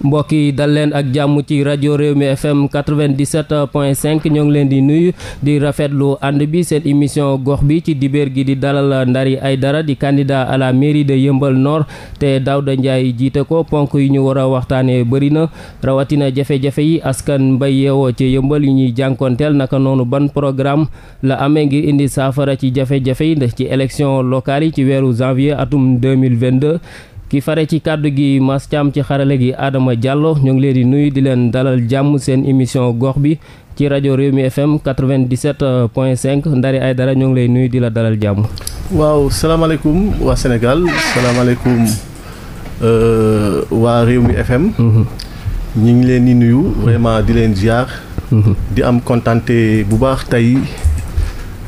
mbokk yi dal leen ak jàmm ci rajo Rewmi FM 97.5 ñoo ngi leen di nuyu di rafetlu ànd bi seen émission gox bi ci dibéer gi di dalal Ndari Aidara di candidat à la mairie de Yeumbeul Nord te Daouda Ndiaye jiite ko ponk yi ñu war a waxtaanee bëri na rawatina jafe-jafe yi askan mbay yeewoo ci yëmbal yi ñuy jànkonteel naka noonu ban programme la amee ngir indi saafara ci jafe-jafe yi ci élection locale yi ci weeru janvier atum 2022 ki fare ci kàddu gi Mass ci xarale gi aadama Diallo ñoo ngi leen di nuyu di leen dalal jàmm seen émission gox bi ci rajo réew Rewmi FM 97.5 Ndari dara ñu ngi lay nuyu di la dalal jàmm. waaw salaamaaleykum waa Sénégal salaamaaleykum euh, waa Rewmi FM. Mhm. ñu ngi leen di nuyu mhm. vraiment di leen ziar. Mhm. di am kontante bu baax tey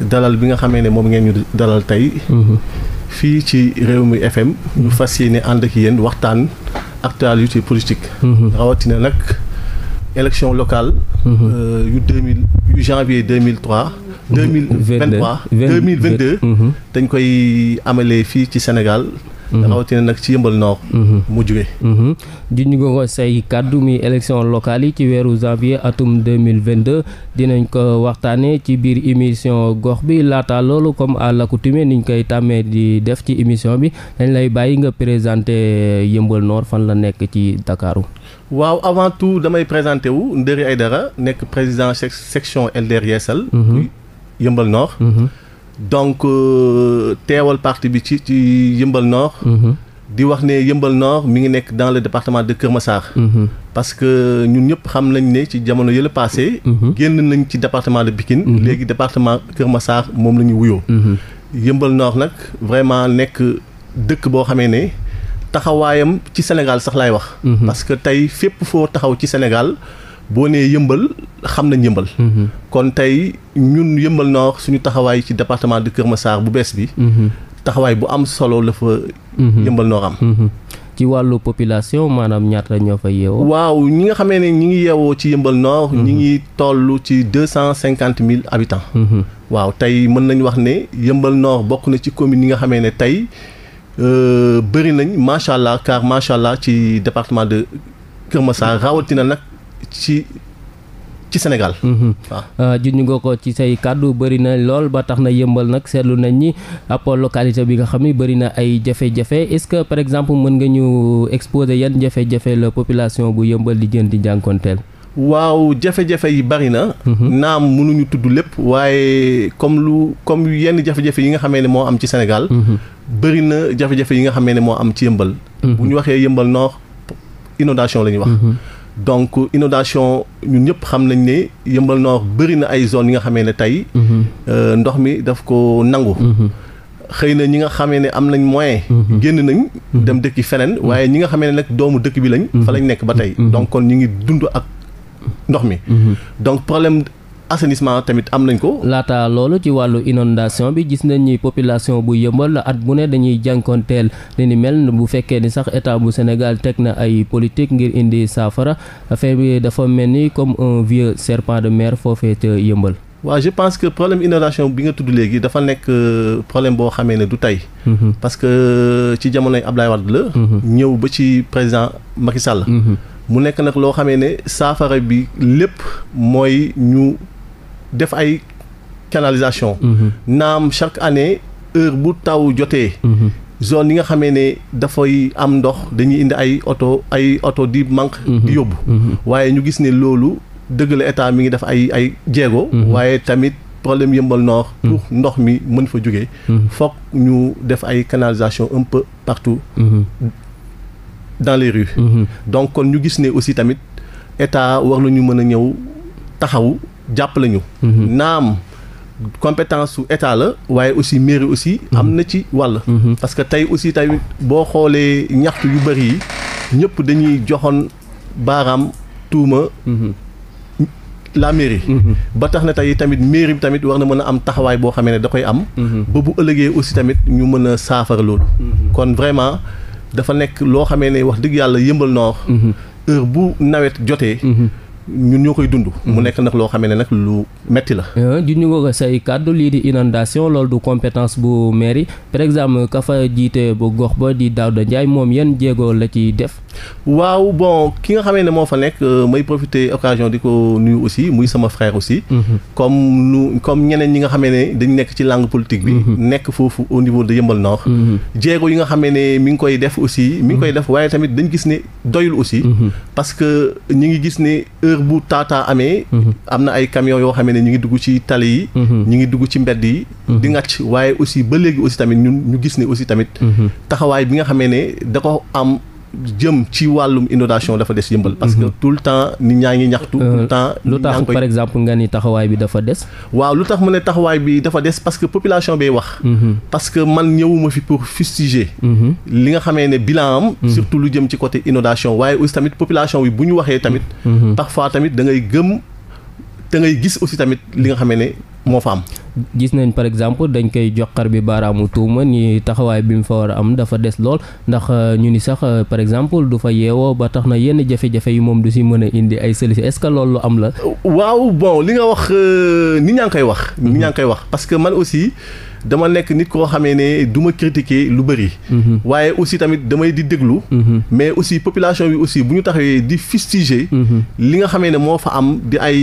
dalal bi nga xamee ne moom ngeen ñu dalal tey. fii ci réew mi FM. ñu fas yéene ànd ak yéen waxtaan actualité politique. Mhm. rawatina nag election locale. Mhm. Euh, yu deux mille yu janvier deux mille deux mille vingt trois dañ koy amalee fii ci Sénégal. Mhm. rawatina nag ci yëmbal noor. Mhm. mu jugee. junj nga ko say kàddu mi élection locale yi ci weeru janvier atum deux mille vingt deux dinañ ko waxtaanee ci biir émission gox bi laata loolu comme à l'accoutumée niñ koy tàmmee di def ci émission bi dañ lay bàyyi nga présenter yëmbal noor fan la nekk ci Ndakaaru. waaw avant tout damay présenter wu Nderi dara nekk président section LDR Yeesal. yëmbal Nord. Mhm. donc euh, teewal parti bi ci ci yëmbal Nord. Mhm. di wax ne yëmbal Nord mi ngi nekk dans le département de Kër Massar. Mhm. parce que ñu ñëpp xam nañ ne ci jamono yële passé. génn nañ ci département de Pikine. léegi département Kër Massar moom la ñu wuyoo. yëmbal Nord nag vraiment nekk dëkk boo xamee ne. taxawaayam ci Sénégal sax laay wax. parce tey fépp foo taxaw ci Sénégal. boo nee yëmbal xam nañ yëmbal. Mhm. kon tey ñun yëmbal Nord suñu taxawaay ci département de Kër Massar bu bees bi. Mhm. taxawaay bu am solo la fa. Mhm. yëmbal Nord am. ci wàllu population maanaam ñaata ñoo fa yeewoo. waaw ñi nga xamee ne ñi ngi yeewoo ci yëmbal Nord. ñi ngi toll ci deux cent cinquante mille habitants. waaw tey mën nañu wax ne yëmbal Nord bokk na ci commune yi nga xamee ne tey euh, bëri nañ macha allah car macha allah ci département de Kër Massar rawatina nag. ci ci Sénégal. Mhm. waaw euh, junj nga ko ci say kàddu bëri na lool ba tax na yëmbal nag seetlu nañ ni ab localité bi nga xam ne bëri na ay jafe-jafe est-ce que par exemple mën nga ñu exposer yan jafe-jafe la population bu yëmbal di jën di jànkonteel. waaw jafe yi bëri na. Mhm. naam mënuñu tudd lépp waaye comme lu comme yenn jafe-jafe yi nga xamee ne moo am ci Sénégal. Mhm. bëri na jafe-jafe yi nga xamee ne moo am ci yëmbal. bu ñu waxee yëmbal nord inondation la wax. donc inondation ñun ñëpp xam nañ ne yëmbal noor bëri na ay zone yi nga xamee ne tey. Mhm. Euh, ndox mi daf ko nangu. Mhm. xëy na ñi nga xamee ne am nañ moyen. Mhm. génn nañ dem dëkki feneen waaye ñi nga xamee ne nag doomu dëkk bi lañ. fa lañ nekk ba tey. donc kon ñu ngi dund ak ndox mi. donc problème assainissement tamit am nañ ko. laata loolu ci wàllu inondation bi gis nañ ni population bu yëmbal at bu ne dañuy jànkoonteel li ni mel bu fekkee ni sax état bu Sénégal teg na ay politique ngir indi saafara affaire bi dafa mel ni comme un vieux serpent de mer foofee ca yëmbal. waaw je pense que problème inondation bi nga tudd léegi dafa nekk euh, problème boo xamee ne du tey. Mhm. parce que euh, ci jamonoy Abdoulaye Wade la. Mhm. ñëw ba ci président Macky Sall. Mhm. mu nekk nag def ay canalisation mhm. naam chaque année heure bu taw jotee mhm. zone yi nga xamee ne dafay am ndox dañuy indi ay oto ay oto di manque di mhm. yóbbu waaye ñu gis ne loolu dëgg la état mi ngi def ay ay jéego waaye tamit problème yëmbal noor pour ndox mi mën fa jógee foog ñu def ay canalisation un peu partout dans les rues donc kon ñu gis ne aussi tamit état war nañu mën a ñëw taxaw jàppale ñu. Mhm. naam compétence su état la waaye aussi mairie aussi. Mhm. am na ci wàll. Mhm. parce que tey aussi tamit boo xoolee ñaxtu yu bëri yi ñëpp dañuy joxoon baaraam tuuma. la mairie. ba tax na tey tamit mairie bi tamit war na mën a am taxawaay boo xamee ne da koy am. ba bu ëllëgee aussi tamit ñu mën a saafara loolu. kon vraiment dafa nekk loo xamee ne wax dëgg yàlla yëmbal noor. heure bu nawet jotee. ñun ñoo koy dund. mu mhm. nekk nag loo xamee ne nag lu metti la. Euh, di ñu ko say kàddu lii di inondation loolu du compétence bu mairie par exemple ka fa jiite bu gox ba di da Ndiaye moom yan jéego la ci def. waaw bon ki nga xamee ne moo fa nekk euh, mooy profiter occasion di ko nuyu aussi muy sama frère aussi. Mhm. comme nu comme ñeneen ñi nga xamee ne dañ nekk ci langue politique bi. Mhm. nekk foofu au niveau de Yeumbeul Nord. Mhm. jéego yi nga xamee ne mi ngi koy def aussi. mu ngi koy def waaye tamit dañ gis ne doyul aussi. pa que ñu ngi gis ne heure bu taataa amee. am xamee ne ñu ngi dugg ci tali yi mhm. ñu ngi dugg ci mbedd yi mhm. di ngàcc waaye aussi ba léegi aussi tamit ñu gis ne aussi tamit mhm. taxawaay bi nga xamee ne da ko am jëm ci wàllum inondation dafa des yëmbal parce que tout le temps nit ñaa ngi ñaxtu tout le euh, temps lu tax par exemple nga ni taxawaay bi dafa des waaw lu tax ma ne taxawaay bi dafa des parce que population bay wax parce que man ñëwuma fi pour fustiger li nga xamee ne bilan am surtout lu jëm ci côté inondation waaye aussi tamit population bi bu ñu te ngay gis aussi tamit li nga xame ne moo fa am. gis nañ par exemple dañ koy jox xar bi baaraamu tuuma ni taxawaay bi mu fa war a am dafa des lool ndax euh, ñu ni sax euh, par exemple du fa yeewoo ba tax na yenn jafe-jafe yi moom du si mën a indi ay solution est-ce que am la. waaw bon li nga wax nit ñaa koy wax. nit ñaa ngi koy mhm. ne du ma lu bëri. Mhm. waaye aussi tamit damay di déglu. Mhm. mais aussi population bi aussi bu ñu taxawee di fustiger. li nga xamee ne moo fa am di ay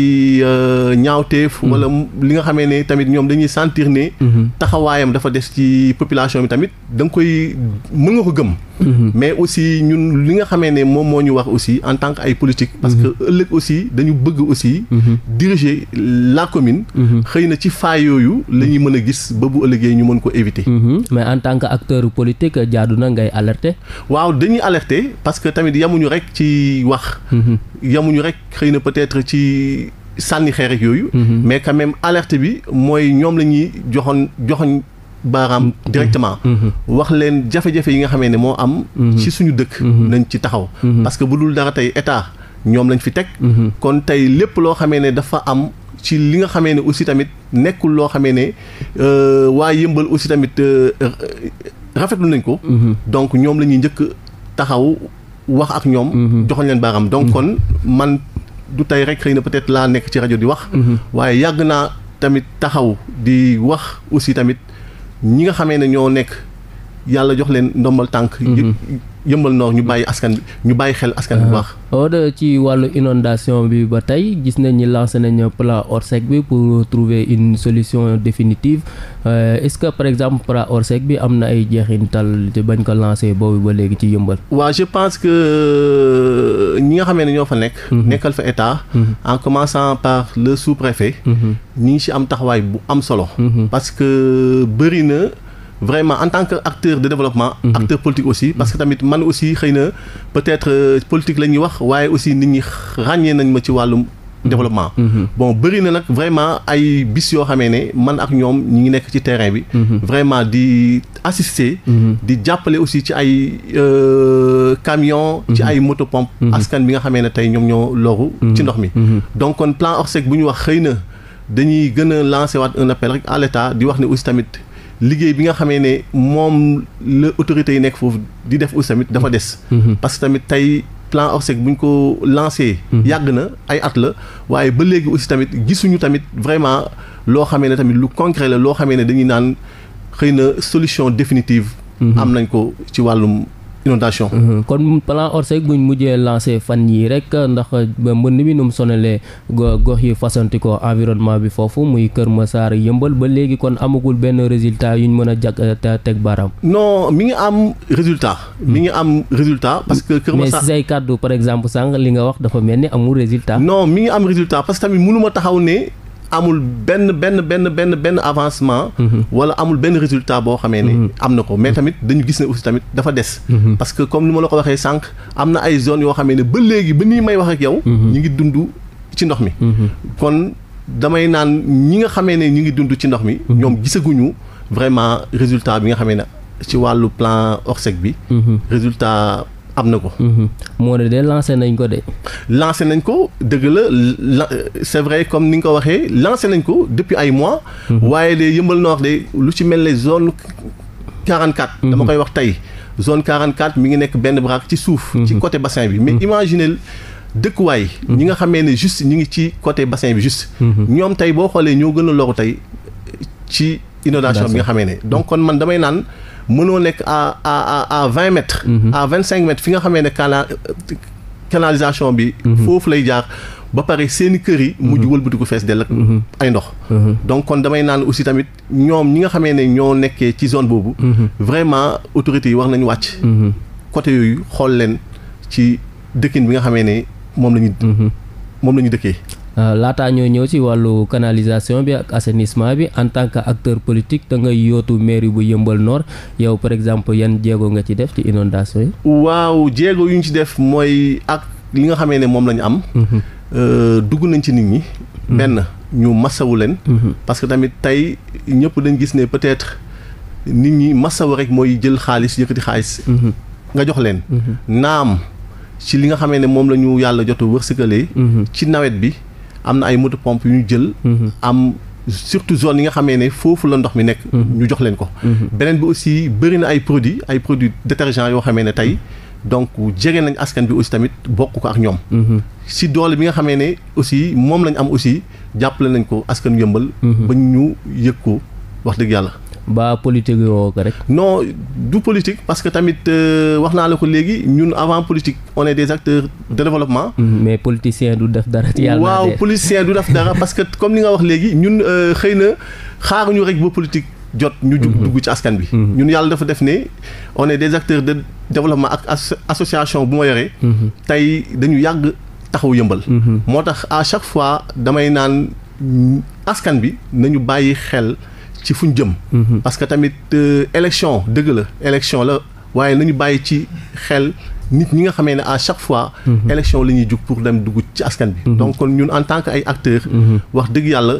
euh, ñaawteef. wala li nga xamee ne tamit ñoom dañuy sentir ne. Mhm. taxawaayam dafa des ci population bi tamit da nga koy mën nga ko gëm. Mhm. mais aussi ñun li nga xamee ne moom moo ñu wax aussi en tant que ay politique. parce mhm. que ëllëg aussi dañu bëgg aussi. diriger la commune. xëy na ci faa yooyu la ñuy mën a gis ba bu ëllëgee ñu mën ko éviter. mais en tant que acteur politique jaadu na ngay alerter. waaw dañuy alerter parce que tamit yamuñu rek ci wax. yamuñu rek xëy na peut-être ci. sànni xeer ak yooyu. Mhm. mais quand même alerte bi mooy ñoom la ñuy joxoon joxoon baaraam mhm. directement. Mhm. wax leen jafe-jafe yi nga xamee ne moo am. ci suñu dëkk. nañ ci taxaw. parce que bu dul dara tey état ñoom lañ fi teg. kon tey lépp loo xamee ne dafa am. ci li nga xamee ne aussi tamit nekkul loo xamee ne euh, waa yëmbal aussi tamit euh, rafetlu nañ ko. donc ñoom la ñuy njëkk taxaw wax ak ñoom. joxoñ leen baaraam donc kon man du tey rek xëy na peut-être laa nekk ci rajo di wax. Mhm. waaye yàgg naa tamit taxaw di wax aussi tamit ñi nga xamee ne ñoo nekk. yàlla jox leen ndombal tànk. Mhm. yëmbal noor ñu bàyyi askan bi ñu bàyyi xel askan bi bu ah. baax. Aude ci wàllu inondation bi ba tey gis nañ ni lancé nañ plan Orsec bi pour trouver une solution définitive euh, est-ce que par exemple plan Orsec bi am na ay jeexintal te bañ ko lancé boobu ba léegi ci yëmbal. waa je pense que euh, ñi nga xamee ne ñoo fa nekk. Mhm. nekkal fa état. Mhm. en commençant par le sous-préfet. ñi ci am taxawaay bu am solo. parce que bëri vraiment en tant que acteur de développement. Mhm. acteur politique aussi parce que mhm. tamit man aussi xëy na peut-être euh, politique la ñuy wax waaye aussi nit ñi ràññee nañ ma ci wàllum. Mhm. développement. bon bëri na nag vraiment ay bis yoo xamee ne man ak ñoom ñi ngi nekk ci terrain bi. vraiment di assister. di jàppale aussi ci ay euh, camion ci ay moto pompe. askan bi nga xamee ne tey ñoom ñoo loru. ci ndox mi. donc kon plan Orsec bu ñu wax xëy na dañuy gën a lancer waat un appel rek à di wax ne aussi tamit. liggéey bi nga xamee ne moom la autorités yi nekk foofu di def aussi tamit dafa des. Mhm. parce que tamit tey plan Orsec bu ñu ko lancé. Mhm. yàgg na ay at la waaye ba léegi aussi tamit gisuñu tamit vraiment loo xamee ne tamit lu concret la loo xamee ne dañuy naan xëy na solution définitive. Mhm. am nañ ko ci wàllum. inondation mhm. kon plan ORSEC buñ mujjee lancé fan yii rek ndax mbënn mi nu sonale sonalee gox yi fasanti ko environnement bi foofu muy Kër Massar yëmbal ba léegi kon amagul benn résultat yuñ mën a jag euh, teg baaraam. non mu ngi am résultat. Hmm. mi ngi am résultat parce que. Kër Massar mais si say par exemple sànq li nga wax dafa mel ni amul résultat. non mi ngi am résultat parce que tamit mënuma taxaw ne. amul benn benn benn benn benn avancement. Mhm. wala amul benn résultat boo xamee ne. Mhm. am na ko mais tamit dañu gis ne aussi tamit dafa des. Mhm. parce que comme ni ma la ko waxee sànq am na ay zones yoo xamee ne ba léegi ba nii may wax ak yow. ñu ngi dund ci ndox mi. kon damay naan ñi nga xamee ne ñu ngi dund ci ndox mi. ñoom gisaguñu vraiment résultat bi nga xamee ne ci wàllu plan ORSEC bi. résultat. am na ko. Mhm. moo ne de lancé nañ ko de. lancé nañ ko dëgg la la c'est vrai comme ni nga ko waxee lancé nañ ko depuis ay mois. Mhm. waaye de yëmbal noor de lu ci mel ne zone 44. Mhm. dama koy wax tey zone 44 mi ngi nekk benn braak ci suuf. ci côté bassin bi mais imaginez dëkkuwaay. ñi nga xamee ne juste ñu ngi ci côté bassin bi juste. ñoom tey boo xoolee ñoo gën a loru tey ci inondation bi nga xamee ne donc kon man damay naan. mënoo nekk à à à à vingt mètres. Mhm. à vingt fi nga xamee ne cana canalisation bi. Mhm. foofu lay jaar. ba pare seeni kër yi. mujj mhm. wëlbatiku fees dell ak ay ndox. donc kon damay naan aussi tamit ñoom ñi nga xamee ne ñoo nekkee ci zone boobu. vraiment autorités yi war nañu wàcc. côté yooyu xool leen ci dëkkin bi nga xamee ne moom la ñu. moom la ñu dëkkee. Euh, laataa ñoo ñëw ci wàllu canalisation bi ak assainissement bi en tant que acteur politique da ngay yootu mairie bu yëmbal noor yow par exemple yan jéego nga ci def ci inondation waaw jéego yu ñu ci def mooy ak li nga xamee ne moom lañu am. Mhm. Euh, dugg nañ ci nit ñi. Mhm. benn ñu masawu leen. Mhm. parce que tamit tey ñëpp dañ gis ne peut-être nit ñi masawu rek mooy jël xaalis yëkkati xaalis. nga jox leen. naam li nga xamee ne moom la ñu yàlla jot a wërsëgalee. ci nawet bi. am na ay moto pompe yu ñu jël. Mhm. am surtout zone yi nga xamee ne foofu la ndox mi nekk. Mhm. ñu jox leen ko. Mhm. beneen bi aussi bëri na ay produits ay produits détergents yoo xame ne tey. donc jege nañ askan bi aussi tamit bokk ko ak ñoom. si doole bi nga xamee ne aussi moom lañu am aussi jàppale nañ ko askan yëmbal. ba ñu yëg ko wax dëgg yàlla. ba politique yoo ko rek. non du politique parce que tamit euh, wax naa la ko léegi ñun avant politique on des acteurs de développement. Mm-hmm. mais politicien du def dara. ci yàlla waaw politicien du def dara parce que comme li nga wax léegi ñun euh, xëy na xaaruñu rek ba politique. jot ñu jug mm-hmm. dugg ci askan bi mm-hmm. ñun yàlla dafa def ne on des acteurs de développement ak association bu ma yoree tey dañu yàgg taxaw yëmbal moo tax à chaque fois damay naan askan bi nañu bàyyi xel ci fuñ jëm. Mhm. parce que tamit euh, élection dëgg la élection la waaye nañu bàyyi ci xel. nit ñi nga xamee ne à chaque fois mhm. élection la ñuy jug pour dem dugg ci askan bi mhm. donc kon ñun en tant que ay acteur wax dëgg yàlla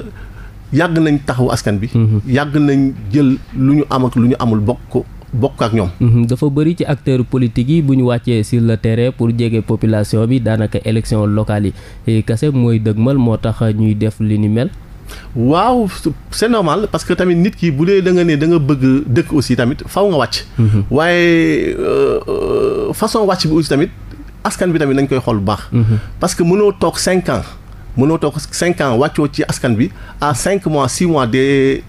yàgg nañ taxaw askan bi yàgg nañ jël lu ñu am lu ñu amul bokk ko bokk ak ñoom dafa bëri ci acteurs politiques yi bu ñu wàccee sur le terrain pour jege population bi daanaka élection locale yi eh, kese mooy dëgmal moo tax ñuy def li ni mel waaw c'est normal parce que tamit nit ki bu dee danga nga ne da bëgg dëkk aussi tamit faw nga wàcc. Mhm. waaye euh, façon wàcc bi aussi tamit askan bi tamit nañ koy xool bu baax. Mhm. parce que mënoo toog cinq ans mënoo toog cinq ans wàccoo ci askan bi a cinq mois six mois de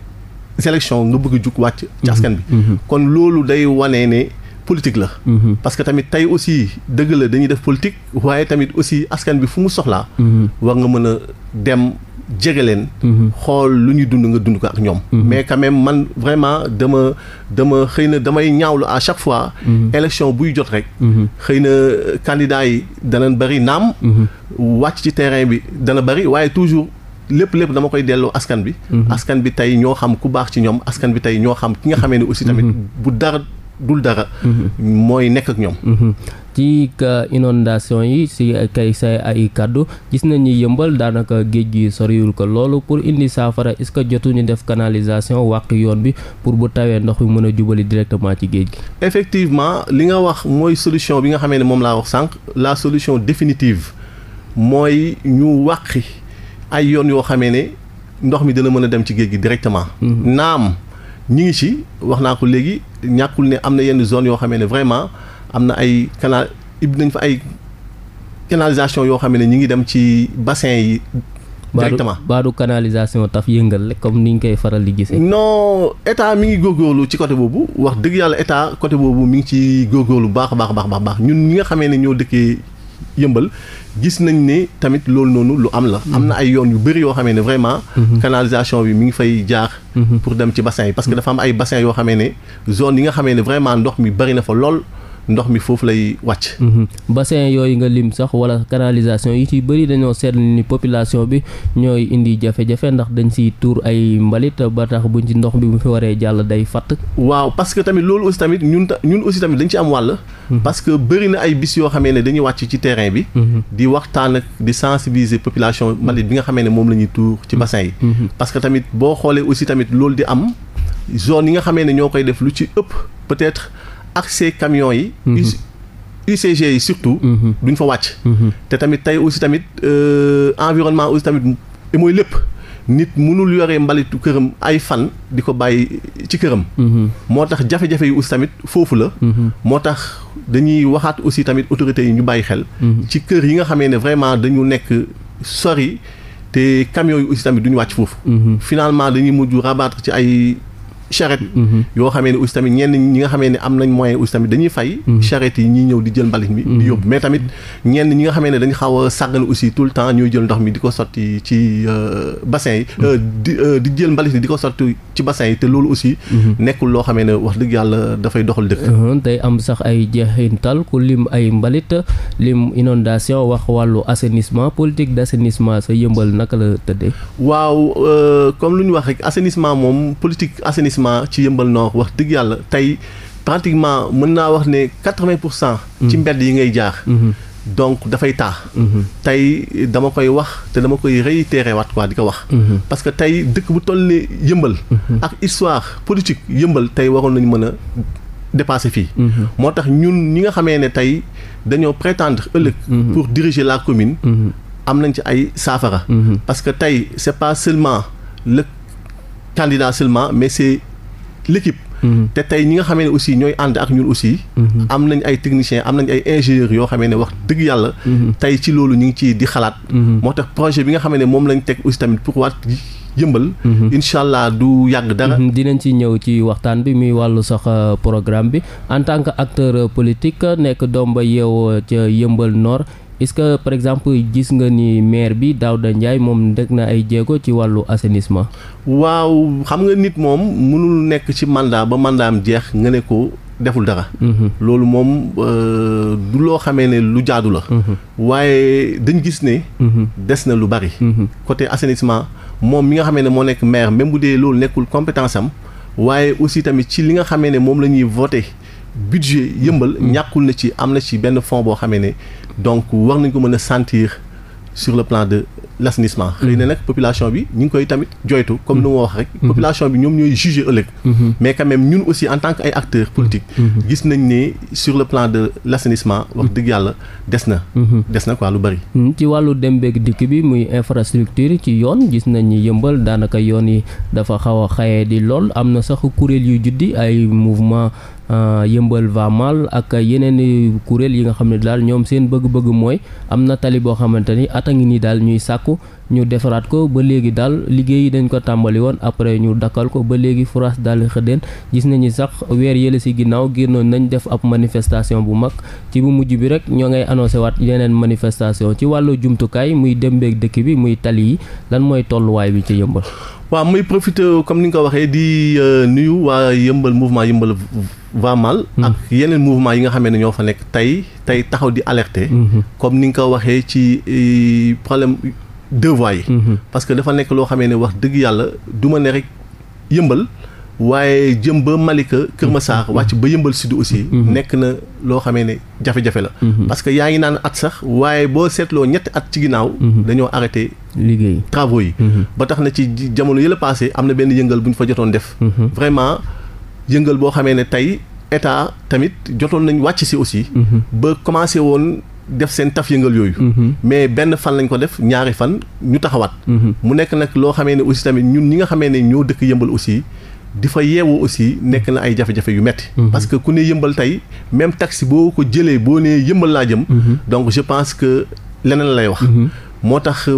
élections nga bëgg jug wàcc. ci mhm. askan bi. kon loolu day wane ne. politique la mm que tamit tey aussi dëgg la dañuy def politique waaye tamit aussi askan bi fu mu soxlaa war nga mën a dem jege leen. Mhm. xool lu ñuy dund nga dund ko ak ñoom. Mhm. mais quand même man vraiment dama dama xëy na damay ñaawlu à chaque fois. Mhm. élection buy jot rek. xëy na euh, candidats yi danañ bëri naam. wàcc ci terrain bi dana bari waaye toujours. lépp lépp dama koy delloo askan bi askan bi tey ñoo xam ku baax ci ñoom askan bi tey ñoo xam ki nga xamee ne aussi tamit bu dara dul dara mooy nekk ak ñoom ci inondation yi si kay say ay kàddu gis nañ ni yëmbal daanaka géej gi soriwul ko loolu pour indi saafara est-ce que jotu ñu def canalisation wàq yoon bi pour bu tawee ndox mi mën a jubali directement ci géej gi. effectivement li nga wax mooy solution bi nga xamee ne moom laa wax sànq la solution définitive mooy ñu wàqi ay yoon yoo xamee ne ndox mi dina mën a dem ci géej gi directement. Mhm. naam ñi ngi ci wax naa ko léegi ñàkkul ne am na yenn zone yoo xamee ne vraiment. am na ay kanaal ib nañ fa ay canalisation yoo xam ne ñi ngi dem ci bassin yi directement baadu canalisation taf yëngal rek ni ñu koy faral di gisee. non état mi ngi góorgóorlu ci côté boobu wax dëgg yàlla état côté boobu mi ngi ci góorgóorlu baax a baax baax baax ñun ñi nga xamee ne ñoo dëkkee yëmbal gis nañ ne tamit loolu noonu lu am la. Mm-hmm. am na ay yoon yu bëri yoo xamee ne vraiment. Mm-hmm. canalisation bi mu ngi fay jaar. Mm-hmm. pour dem ci bassin yi parce que dafa am ay bassin yoo xamee ne zone yi nga xamee ne vraiment ndox mi bari na fa lool. ndox mi foofu lay wàcc. Mhm. bassin yooyu nga lim sax wala canalisation yi ci bëri dañoo seetlu ni population bi ñooy indi jafe-jafe ndax dañ siy tuur ay mbalit ba tax buñ ci ndox bi bu fi waree jàll day fatt. waaw parce que tamit loolu aussi tamit ñun ñun aussi tamit dañ ci am wàll. Mhm. parce que bëri na ay bis yoo xamee ne dañuy wàcc ci terrain bi. Mhm. di waxtaan ak di sensibiliser population mbalit bi nga xamee ne moom la tuur ci bassin yi. parce tamit boo xoolee ak ces camions yi. Mhm. UCG yi surtout. Mhm. duñ fa wàcc. Mhm. te tamit tey aussi tamit euh, environnement aussi tamit mooy lépp. nit mënul yore mbalitu këram ay fan di ko bàyyi ci këram. moo tax jafe-jafe yi aussi tamit foofu la. moo tax dañuy waxaat aussi tamit autorités yi ñu bàyyi xel. ci kër yi nga xamee ne vraiment dañu nekk sori te camions yi aussi tamit duñu wàcc foofu. finalement dañuy mujj rabattre ci ay. charrette mhm. yoo xamee ne aussi tamit ñenn ñi nga xamee ne am nañ moyen aussi tamit dañuy fay mhm. charrette yi ñuy ñëw di jël mbalit mi di mhm. yóbbu mais tamit ñenn ñi nga xamee ne dañ xaw a sàggan aussi tout le temps ñooy jël ndox mi di ko sotti ci euh, bassin yi euh, euh, di ko sotti ci bassin yi te loolu aussi nekkul loo xamee ne wax dëgg yàlla dafay doxal dëkk day am sax ay jeexintal ku lim ay mbalit lim inondation wax wàllu assainissement politique d'assainissement sa yëmbal naka la tëddee waaw comme lu ñu assainissement ci yëmbal noor wax dëgg yàlla tey pratiquement mën naa wax ne quatre-vingt pour cent mm-hmm. ci mbedd yi ngay jaar mm-hmm. donc dafay taa mm-hmm. tey dama koy wax te dama koy réitéré waat quoi di ko wax parce que tey dëkk bu toll ni yëmbal ak histoire politique yëmbal tey waroon nañu mën a dépassé fii moo tax ñun ñi nga xamee ne tey dañoo prétendre ëllëg pour diriger la commune am nañ ci ay saafara parce tey c'est pas seulement le candidat seulement l'équipe mm-hmm. te tey ñi nga xamee ne aussi ñooy ànd ak ñun aussi mm-hmm. am nañ ay technicien am nañ ay ingénieurs yoo xamee ne wax dëgg yàlla mm-hmm. tey ci loolu ñu ngi ci di xalaat moo tax projet bi nga xamee ne moom lañ teg aussi tamit pour waat yëmbal incha allah du yàgg dara dinañ ci ñëw ci waxtaan bi muy wàllu sax euh, programme bi en tant que acteur politique nekk doom ba yeewoo ca yëmbal noor est-ce que par exemple gis nga ni maire bi daaw Daouda Ndiaye moom dëkk na ay jéego ci wàllu assainissement. waaw xam nga nit moom mënul nekk ci mandat ba mandaam jeex nga ne ko deful dara. Mhm. loolu moom euh, du loo xamee ne lu jaadu la. Mhm. waaye dañu gis ne. Mhm. des na lu bari. côté assainissement moom mi nga xamee ne moo nekk maire même bu dee loolu nekkul compétence am waaye aussi tamit ci li nga xamee ne moom la ñuy voté. budget yëmbal mm. ñàkkul na ci am na ci benn fonds boo xamee ne donc war nañ ko mën a sentir sur le plan de l'assainissement xëy na mm. nag population bi ñu ngi koy tamit joytu comme mm. nu ma wax rek mm-hmm. population bi ñoom ñooy juger ëllëg mm-hmm. mais quand même ñun aussi en tant que ay acteurs mm-hmm. politiques gis nañ ne sur le plan de l'assainissement wax dëgg yàlla des na des na quoi lu bari ci wàllu dem beeg dikk bi muy infrastructure ci yoon gis nañ ni yëmbal daanaka yoon yi dafa xaw a xaye di lool am na sax kuréel yu juddi ay mouvement Euh, yëmbal va mal ak yeneen kuréel yi nga xam ne daal ñoom seen bëgg-bëgg mooy am na tali boo xamante ni at a ngi nii daal ñuy sàkku ñu defaraat ko ba léegi daal liggéey yi dañ ko tàmbali woon après ñu dakkal ko ba léegi France daal xëddeen gis nañu sax weer yële si ginnaaw génnoon nañ def ab manifestation bu mag ci bu mujj bi rek ñoo ngay annoncé waat yeneen manifestation ci wàllu jumtukaay muy dem beeg dëkk bi muy tali yi lan mooy tolluwaay bi ci yëmbal waaw muy profité comme ni nga ko waxee di euh, nuyu waa yëmbal mouvement yëmbal va mal hmm. ak yeneen mouvement yi nga xamee ne ñoo fa nekk tey tey taxaw di alerter hmm. comme ni nga ko waxee ci euh, problème deux voies yi hmm. parce que dafa nekk loo xamee ne wax dëgg yàlla duma ma ne rek yëmbal waaye jëm ba Malika Kër mhm. Masar mhm. wàcc ba yëmbal sud aussi mhm. nekk na loo xamee ne jafe-jafe la parce que yaa ngi naan at sax waaye boo seetloo ñett at ci ginnaaw dañoo arrêté liggéey travaux yi ba tax na ci jamono yële passé am na benn yëngal bu ñu fa jotoon def vraiment yëngal boo xamee ne tey état tamit jotoon nañ wàcc si aussi ba commencé woon def seen taf yëngal yooyu mais benn fan lañ ko def ñaari fan ñu taxawaat mu nekk nag loo xamee ne aussi tamit ñun ñi nga xamee ne ñoo dëkk yëmbal aussi di fa yeewoo aussi nekk na ay jafe-jafe yu metti mhm. parce que ku ne yëmbal tey même taxi boo ko jëlee boo nee yëmbal laa jëm mhm. donc je pense que leneen lay wax mhm. moo tax euh,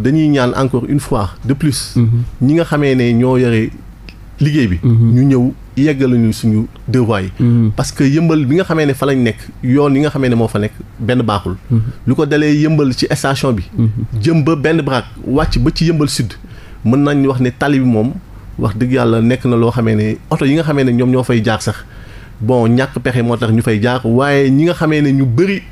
dañuy ñaan encore une fois de plus ñi nga xamee ne ñoo yore liggéey bi ñu ñëw yeggaluñu suñu devoir yi parce que yëmbal bi nga xamee ne fa lañ nekk yoon yi nga xamee ne moo fa nekk benn baaxul lu ko dalee yëmbal ci station bi jëm ba benn braak wàcc ba ci yëmbal sud mën nañu wax ne tali bi moom wax dëgg yàlla nekk na loo xamee ne oto yi nga xamee ne ñoom ñoo fay jaar sax bon ñàkk pexe moo tax ñu fay jaar waaye ñi nga xamee ne ñu bëri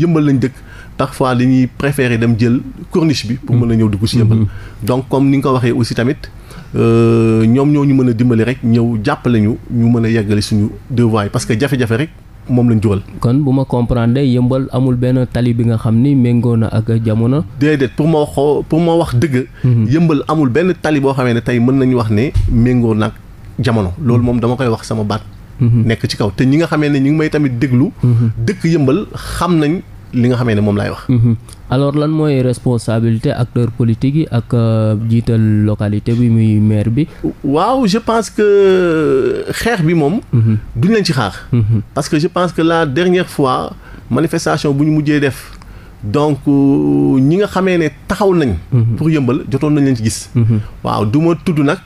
yëmbal lañ dëkk parfois li ñuy préférer dem jël corniche bi pour mën a ñëw dugg si yëmbal mm-hmm. donc comme ni nga ko waxee aussi tamit euh, ñoom ñoo ñu mën a dimbali rek ñëw jàppale ñu ñu mën a yeggali suñu devoir yi parce que jafe-jafe rek moom lañ jural. kon bu ma comprendre yëmbal amul benn tali bi nga xam ni méngoo na ak jamono. déedéet pour ma xoo pour ma wax dëgg. Mhm. yëmbal amul benn tali boo xamee ne tey mën nañu wax ne méngoo nag jamono loolu moom dama koy wax sama baat. Mhm. nekk ci kaw te ñi nga xamee ne ñu ngi may tamit déglu. Mhm. dëkk yëmbal xam nañ. li nga xamee ne moom laay wax. Mhm. alors lan mooy responsabilité acteur politique yi ak euh, jiital localité bi muy maire bi. waaw je pense que xeex bi moom. Mhm. duñ leen ci xaar. Mhm. parce que je pense que la dernière fois manifestation bu ñu mujjee def. donc euh, ñi nga xamee ne taxaw nañ. pour yëmbal jotoo nañ leen ci gis. waaw du tudd nag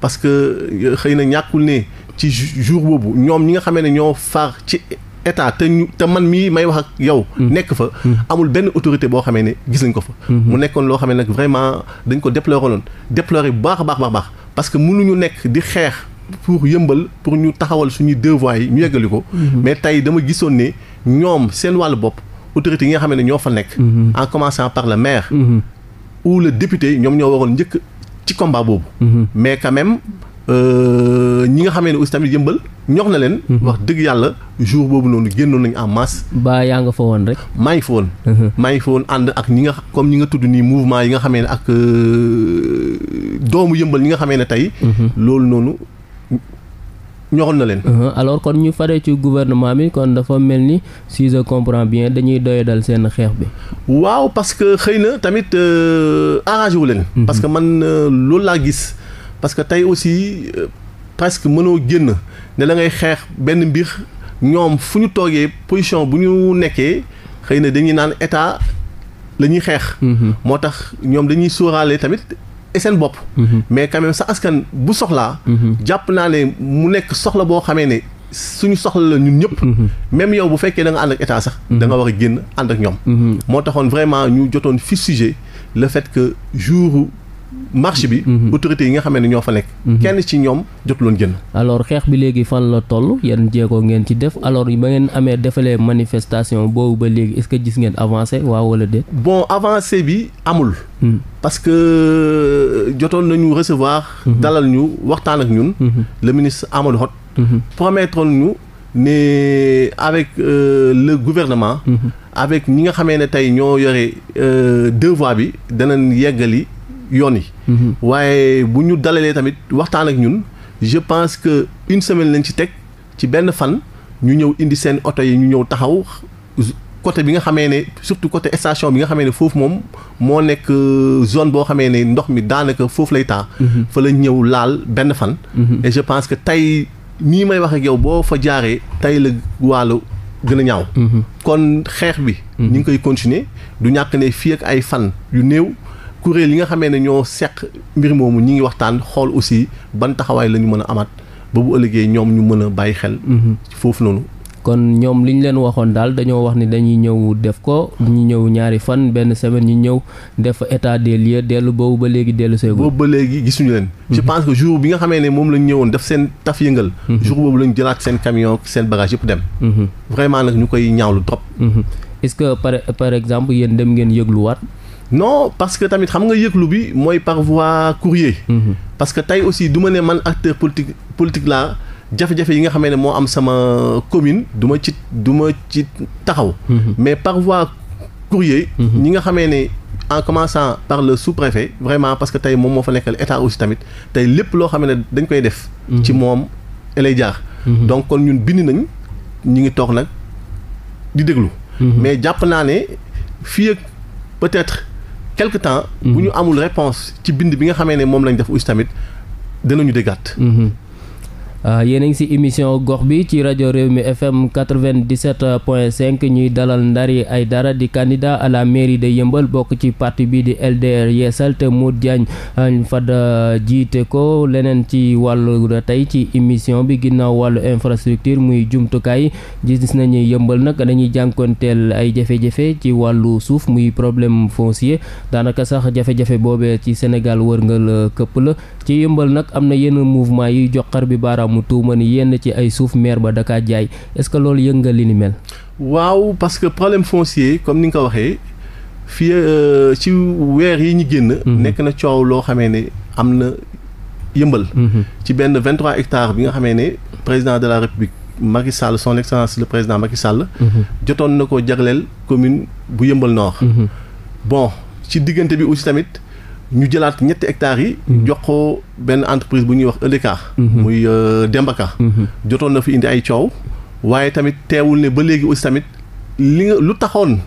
parce que euh, xëy na ñàkkul ne ci jour boobu ñoom ñi nga xamee ne ñoo far ci état te te man mii may wax ak yow. Mm. nekk fa. Mm. amul benn autorité boo xamee ne gis nañ ko fa. Mm-hmm. mu nekkoon loo xam ne nag vraiment dañ ko déploré loon déploré bu baax a baax baax parce que mënuñu nekk di xeex pour yëmbal pour ñu taxawal suñuy devoir yi ñu yeggali ko. Mm-hmm. mais tey dama gisoon ne ñoom seen wàllu bopp autorité yi nga xam ne ñoo fa nekk. Mm-hmm. en commençant par le maire. ou le député ñoom ñoo waroon njëkk ci combat boobu. mais quand Euh, ñi nga xamee ne aussi tamit yëmbal ñox na leen. Mhm. wax dëgg yàlla jour boobu noonu génnoon nañu en masse. ba yaa nga fa woon rek. maa ngi fa mhm. maa ngi fa woon ànd ak ñi nga comme ñi nga tudd nii mouvement yi nga xamee ne ak euh, doomu yëmbal ñi nga xame ne tey. Mhm. loolu noonu. ñoxoon na leen. alors kon ñu faree ci gouvernement bi kon dafa mel ni si je comprends bien dañuy doye dal seen xeex bi. waaw parce que xëy na tamit euh, arrangé wu leen. parce man loolu laa gis. parce que tey aussi euh, presque mënoo génn ne la ngay xeex benn mbir ñoom fu ñu toogee position bu ñu nekkee xëy na dañuy naan état la ñuy xeex. Mhm. moo tax ñoom dañuy sóoraale tamit seen bopp. Mhm. mais quand même sa askan bu soxlaa. Mhm. jàpp naa ne mu nekk soxla boo xamee ne. suñu soxla la ñun ñëpp. même yow bu fekkee da nga ànd ak état sax. da nga war a génn ànd ak ñoom. moo taxoon vraiment ñu jotoon fi sujet le fet que jour. marché bi. Mhm. autorités yi nga xam ne ñoo fa nekk. Mhm. kenn ci ñoom jotuloon jënd. alors xeex bi léegi fan la toll yan jéego ngeen ci def alors ba ngeen amee defalee manifestation boobu ba léegi est-ce que gis ngeen avancé waaw wala déet. bon avancé bi amul. Mhm. parce que euh, jotoon ñu recevoir. dalal ñu waxtaan ak ñun. la ministre Amadou Hott. promettre ñu ne avec euh, le gouvernement. avec ñi nga xamee ne tey ñoo yore euh, deux voies bi danañ yeggali. yoon yi. Mhm. waaye bu ñu dalalee tamit waxtaan ak ñun je pense que une semaine lañ ci teg ci benn fan ñu ñëw indi seen oto yi ñu ñëw taxaw côté bi nga xamee ne surtout côté estation bi nga xamee ne foofu moom moo nekk euh, zone boo xamee ne ndox mi daanaka foofu lay taa. Mhm. fa la ñëw laal benn fan. Mhm. et je pense que tey nii may wax ak yow boo fa jaaree tey la wàllu gën a ñaaw. kon xeex bi. ñu koy continuer du ñàkk ne fii ak ay fan yu néew. kuréel yi nga xamee ne ñoo seq mbir moomu ñi ngi waxtaan xool aussi ban taxawaay la ñu mën a amaat ba bu ëllëgee ñoom ñu mën a bàyyi xel. Mhm. foofu noonu. kon ñoom li ñu leen waxoon daal dañoo wax ni dañuy ñëw def ko ñu ñëw ñaari fan benn semaine ñu ñëw def état des lieux dellu boobu ba léegi dellu see. boobu ba léegi gisuñu leen. Mhm. je pense jour bi nga xamee ne moom lañ ñëwoon def seen taf yëngal. Mhm. jour boobu lañ jëlaat seen camion seen bagage yëpp dem. vraiment nag ñu koy ñaawlu trop. est-ce que non parce que tamit xam nga yëglu bi mooy par voie courrier. Mhm. parce que tey aussi du ma ne man acteur politique politique laa jafe-jafe yi nga xamee ne moo am sama commune du ma ci du ma ci taxaw. Mhm. mais par voie courrier. Mhm. ñi nga xamee ne en commençant par le sous-préfet vraiment parce que tey moom moo fa nekkal état aussi tamit tey lépp loo xam ne dañ koy def. ci moom lay jaar. donc kon ñun bind nañ ñu ngi toog nag di déglu. mais jàpp naa ne fi ak peut-être. quelque temps. bu ñu amul réponse ci bind bi nga xamee ne moom lañ def aussi tamit dina ñu déggaat. Mm-hmm. Euh, yéen a ngi si émission gox bi ci rajo mi FM 97.5 ñuy dalal Ndary Aidara di candidat à la mairie de Yeumbeul bokk ci parti bi di LDR Yeesal te Modou Diagne euh, Fada jiite ko leneen ci wàllu tey ci émission bi ginnaaw wàllu infrastructure muy jumtukaay gis nañu yëmbal nag dañuy jànkoonteel ay jafe-jafe ci wàllu suuf muy problème foncier daanaka sax jafe-jafe boobee ci Sénégal wërngal këpp la. ci yëmbal nag am na yenn mouvement yuy jox xar bi baaraamu tuuma ni yenn ci ay suuf maire ba Dakar jaay est que loolu yëg nga li ni mel. waaw parce que problème foncier comme ni nga ko waxee fii euh, ci weer yi ñu génn. Mhm. nekk na coow loo xamee ne am na yëmbal. Mhm. ci benn 23 hectares bi nga xamee ne président de la république. Macky Sall son excellence le président Macky Sall. Mhm. jotoon na ko jagleel commune bu Yëmbal Nord. bon ci diggante bi aussi tamit ñu jëlaat ñetti hectares yi. Mhm. jox ko benn entreprise bu ñuy wax Eleka. Mhm. muy euh, Dembaka. Mhm. jotoon na fi indi ay coow. waaye tamit teewul ne ba léegi aussi tamit li lu taxoon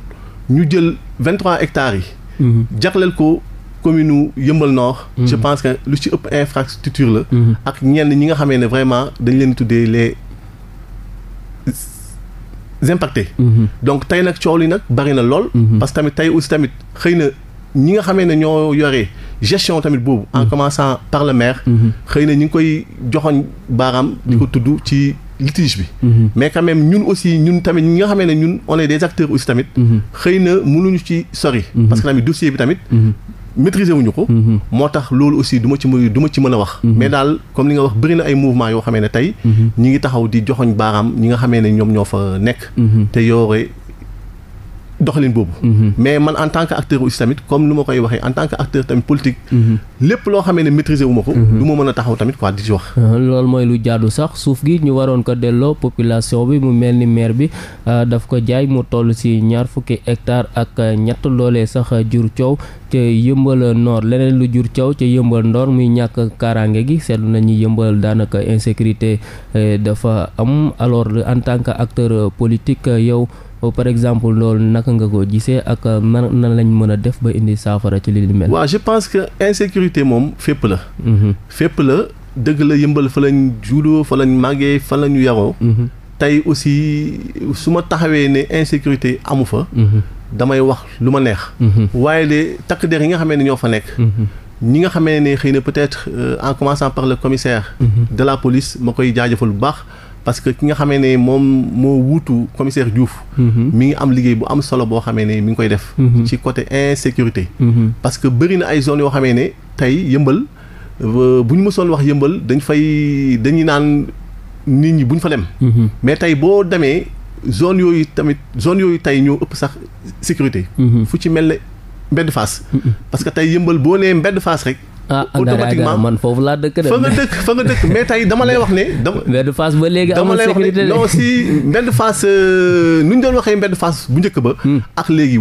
ñu jël vingt hectares yi. jagleel ko commune u Yëmbal Nord. je pense que lu ci ëpp infrastructure la. ak ñenn ñi nga xamee ne vraiment dañ leen tuddee les. impactés. donc tey nag coow li nag bari na lool. parce que tamit tey aussi tamit xëy na. ñi nga xamee ne ñoo yore gestion tamit boobu. en mm-hmm. commençant par le maire. Mm-hmm. xëy na ñu ngi koy joxoñ baaraam. di ko mm-hmm. tudd ci litige bi. mais quand même ñun aussi ñun tamit ñi nga xamee ne ñun on est des acteurs aussi tamit. xëy na mënuñu ci sori. parce que tamit dossier bi tamit. maîtriser wuñu ko. moo tax loolu aussi du ma ci mën du ma ci mën a wax. mais daal comme li nga wax bëri na ay mouvement yoo xamee ne tey. ñi ngi taxaw di joxoñ baaraam ñi nga xamee ne ñoom ñoo fa nekk. te yoore doxalin boobu. Mhm. mais man en tant que acteur aussi tamit comme nu ma koy waxee en tant que acteur tamit politique. Mhm. lépp loo xamee ne maîtriser wu ma ko. Mhm. du ma mën a taxaw tamit quoi di ci wax. Ah, loolu mooy lu jaadu sax suuf gi ñu waroon ko delloo population bi mu mel ni maire bi ah, daf ko jaay mu toll ci ñaar fukki hectare ak ñett loolee sax jur coow ca yëmbal noor leneen lu jur coow ca yëmbal ndoor muy ñàkk kaaraange gi seetlu nañu yëmbal daanaka insécurité eh, dafa am alors en tant que acteur politique yow. par exemple loolu naka nga ko gisee ak euh, nan nan lañ mën a def ba indi saafara ci li li mel. waaw je pense que insécurité moom fépp la. Mhm. fépp la dëgg la yëmbal fa lañ juddoo fa lañ màggee fa lañu yaroo. Mhm. tey aussi su ma taxawee ne insécurité amu fa. Mhm. damay wax lu ma neex. waaye de takk der yi nga xamee ne ñoo fa nekk. ñi nga xamee ne xëy na peut-être euh, en commençant par la commissaire. de la police ma koy jaajëfal bu baax. parce que ki nga xamee ne moom moo wuutu commissaire Diouf. Mhm. mi ngi am liggéey bu am solo boo xamee ne mi ngi koy def. Mhm. ci côté insécurité. Mhm. parce que bëri na ay zones yoo xamee ne tey yëmbal euh, bu ñu mësoon wax yëmbal dañ fay dañuy naan nit ñi buñ fa dem. mais tey boo demee zone yooyu tamit zone yooyu tey ñoo ëpp sax sécurité. fu ci mel ne mbedd faas. parce que tey yëmbal boo nee mbedd faas rek. ah automatiquement man foofu laa dëkk de. fa nga dëkk fa nga dëkk mais tey dama lay wax ne. dama mbedd Fass ba léegi amul sécurité dama lay si mbedd Fass euh, nu ñu doon waxee mbedd Fass bu njëkk ba. Hmm. ak léegi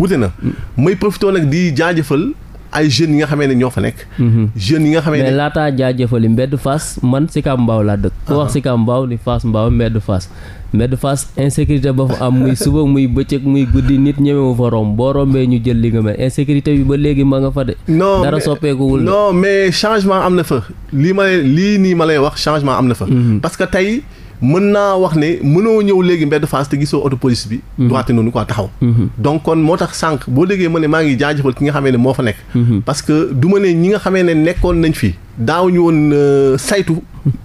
wute na. Hmm. may profité nag di jaajëfal. ay jeunes yi nga xamee ne ñoo fa nekk. Mhm. jeunes yi nga xamee ne mais laataa jaajëfali mbedd fas man Sicap Mbao laa dëkk. ku wax ah. Sicap Mbao ni Fass Mbao mbedd Fass. mbedd Fass insécurité ba fa am muy suba muy bëccëg muy guddi nit ñemewu fa romb boo rombee ñu jël li nga mel insécurité bi ba léegi ma nga fa de. dara soppeekuwul non mais changement am na fa. lii ma lii nii ma lay wax changement am na fa. Mhm. parce tey. mën naa wax ne mënoo ñëw léegi mbedd Fass te gisoo auto police bi. Mhm. droite noonu quoi taxaw. Mhm. donc kon moo tax sànq boo déggee ma ne maa ngi jaajëfal ki nga xamee ne moo fa nekk. Mhm. parce que du ma ne ñi nga xamee ne nekkoon nañ fi daaw ñu woon euh, saytu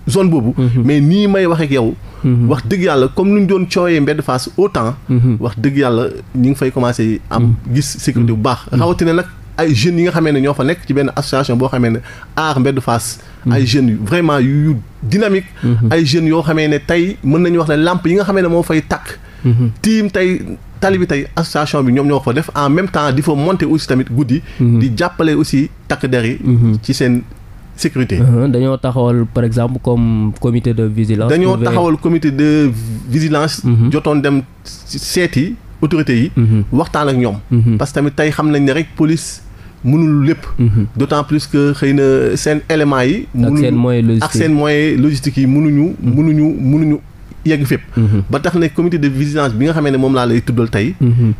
zone boobu. mais nii may wax ak yow. wax dëgg yàlla comme nu ñu doon coowee mbedd Fass autant. wax dëgg yàlla ñu ngi fay commencé am gis sécurité bu baax rawatina nag. ay jeunes yi nga xamee ne ñoo fa nekk ci benn association boo xamee ne aar mbeddu Fass ay jeunes yu vraiment yu dynamique mhm. ay jeunes yoo xamee ne tey mën nañu wax ne lamp yi nga xamee ne moo fay takk tiim mhm. tey tali bi tey association bi ñoom ñoo ko fa def en même temps di fa monter aussi tamit guddi mhm. di jàppale aussi takk der yi ci seen sécurité dañoo taxawal par exemple comme comité de vigilance dañoo taxawal comité de vigilance jotoon dem seeti autorité yi waxtaan ak ñoom parce tamit tey xam nañ mënul lépp. Mhm. d' plus que xëy na seen éléments yi. mënuñu ak seen moyen logistique yi munuñu mënuñu munuñu mhm. yegg fépp. Mhm. ba tax ne comité de vigilance bi nga xamee ne moom laa lay tuddal tey.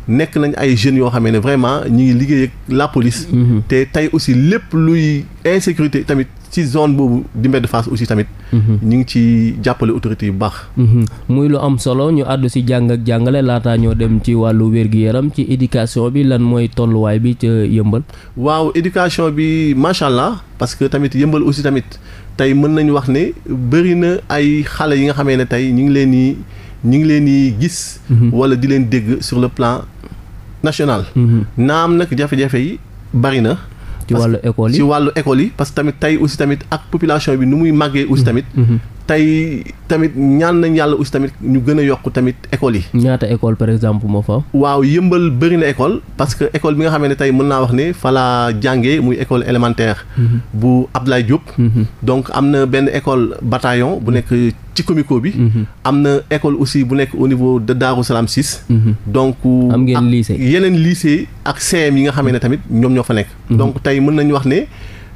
nekk nañ ay jeunes yoo xamee ne vraiment ñi ngi liggéey ak la police. te tey aussi lépp luy insécurité tamit. ci zone boobu di mbedd Fass aussi tamit. Mhm. ñu ngi ci jàppale autorité yu baax. Mhm. muy lu am solo ñu àddu si jàng ak jàngale laataa ñoo dem ci wàllu wér-gu-yaram ci éducation bi lan mooy tolluwaay bi ca yëmbal. waaw éducation bi macha allah parce que tamit yëmbal aussi tamit tey mën nañu wax ni bëri na ay xale yi nga xamee ne tey ñu ngi leen di ñu ngi leen di gis. Mhm. wala di leen dégg sur le plan national. naam nag jafe-jafe yi bari na. ci wàllu école yi ci wàllu école yi parce que tamit tey aussi tamit ak population bi nu muy màggee aussi mm-hmm. tamit mm-hmm. tey tamit ñaan nañ yàlla aussi tamit ñu gën a yokk tamit école yi. ñaata école par exemple moo fa. waaw yëmbal bëri na école parce que école bi nga xam ne tey mën naa wax ni falaa laa muy école élémentaire. Mhm. bu Abdoulaye Diop. Mhm. donc am na benn école bataillon bu nekk ci comico bi. Mhm. am na école aussi bu nekk au niveau de Darou Salam 6. donc am ngeen lycée yeneen lycée ak CM yi nga xam ne tamit ñoom ñoo fa nekk. donc tey mën nañu wax ne.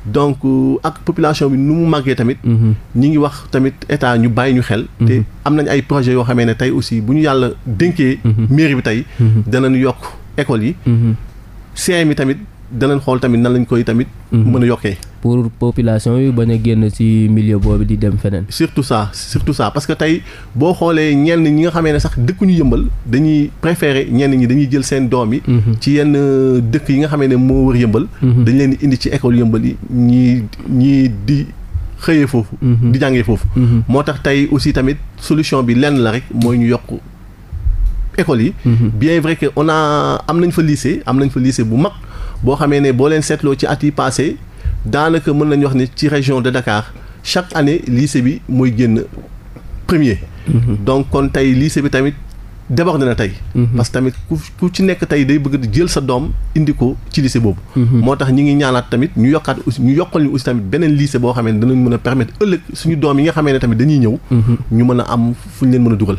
donc euh, ak population bi nu mu màggee tamit. Mhm. ñi ngi wax tamit état ñu bàyyi ñu xel. Mhm. te am nañ ay projets yoo xamee ne tey aussi bu ñu yàlla dénkee. Mhm. mairie bi tey. danañ yokk école yi. CM yi tamit. danañ xool tamit na lañ koy tamit. Mhm. mën a yokkee. pour population yi bañ a génn ci milieu boobu di dem feneen. surtout ça surtout ça parce que tey boo xoolee ñenn ñi nga xamee ne sax dëkkuñu yëmbal dañuy préférer ñenn ñi dañuy jël seen doom yi. Mhm. ci yenn dëkk yi nga xamee ne moo wër yëmbal. Mhm. dañ leen di indi ci école yëmbal yi ñii ñii di. xëyee foofu di jàngee foofu moo tax tey aussi tamit solution bi lenn la rek mooy ñu yokk école yi bien vrai que on a am nañ fa lycée am nañ fa lycée bu mag boo xamee ne boo leen seetloo ci at yi passé daanaka mën nañu wax ne ci région de Dakar chaque année lycée bi mooy génn premier. Mm-hmm. donc kon tey lycée bi tamit déborde na tey. Mhm. parce que tamit ku ku ci nekk tey day bëgg di jël sa doom indi ko ci lycée boobu. Mhm. moo tax ñi ngi ñaanaat tamit ñu yokkaat aussi ñu yokkal ñu aussi tamit beneen lycée boo xam ne danañ mën a permettre ëllëg suñu doom yi nga xamee ne tamit dañuy ñëw. Mhm. ñu mën a am fu ñu leen mën a dugal.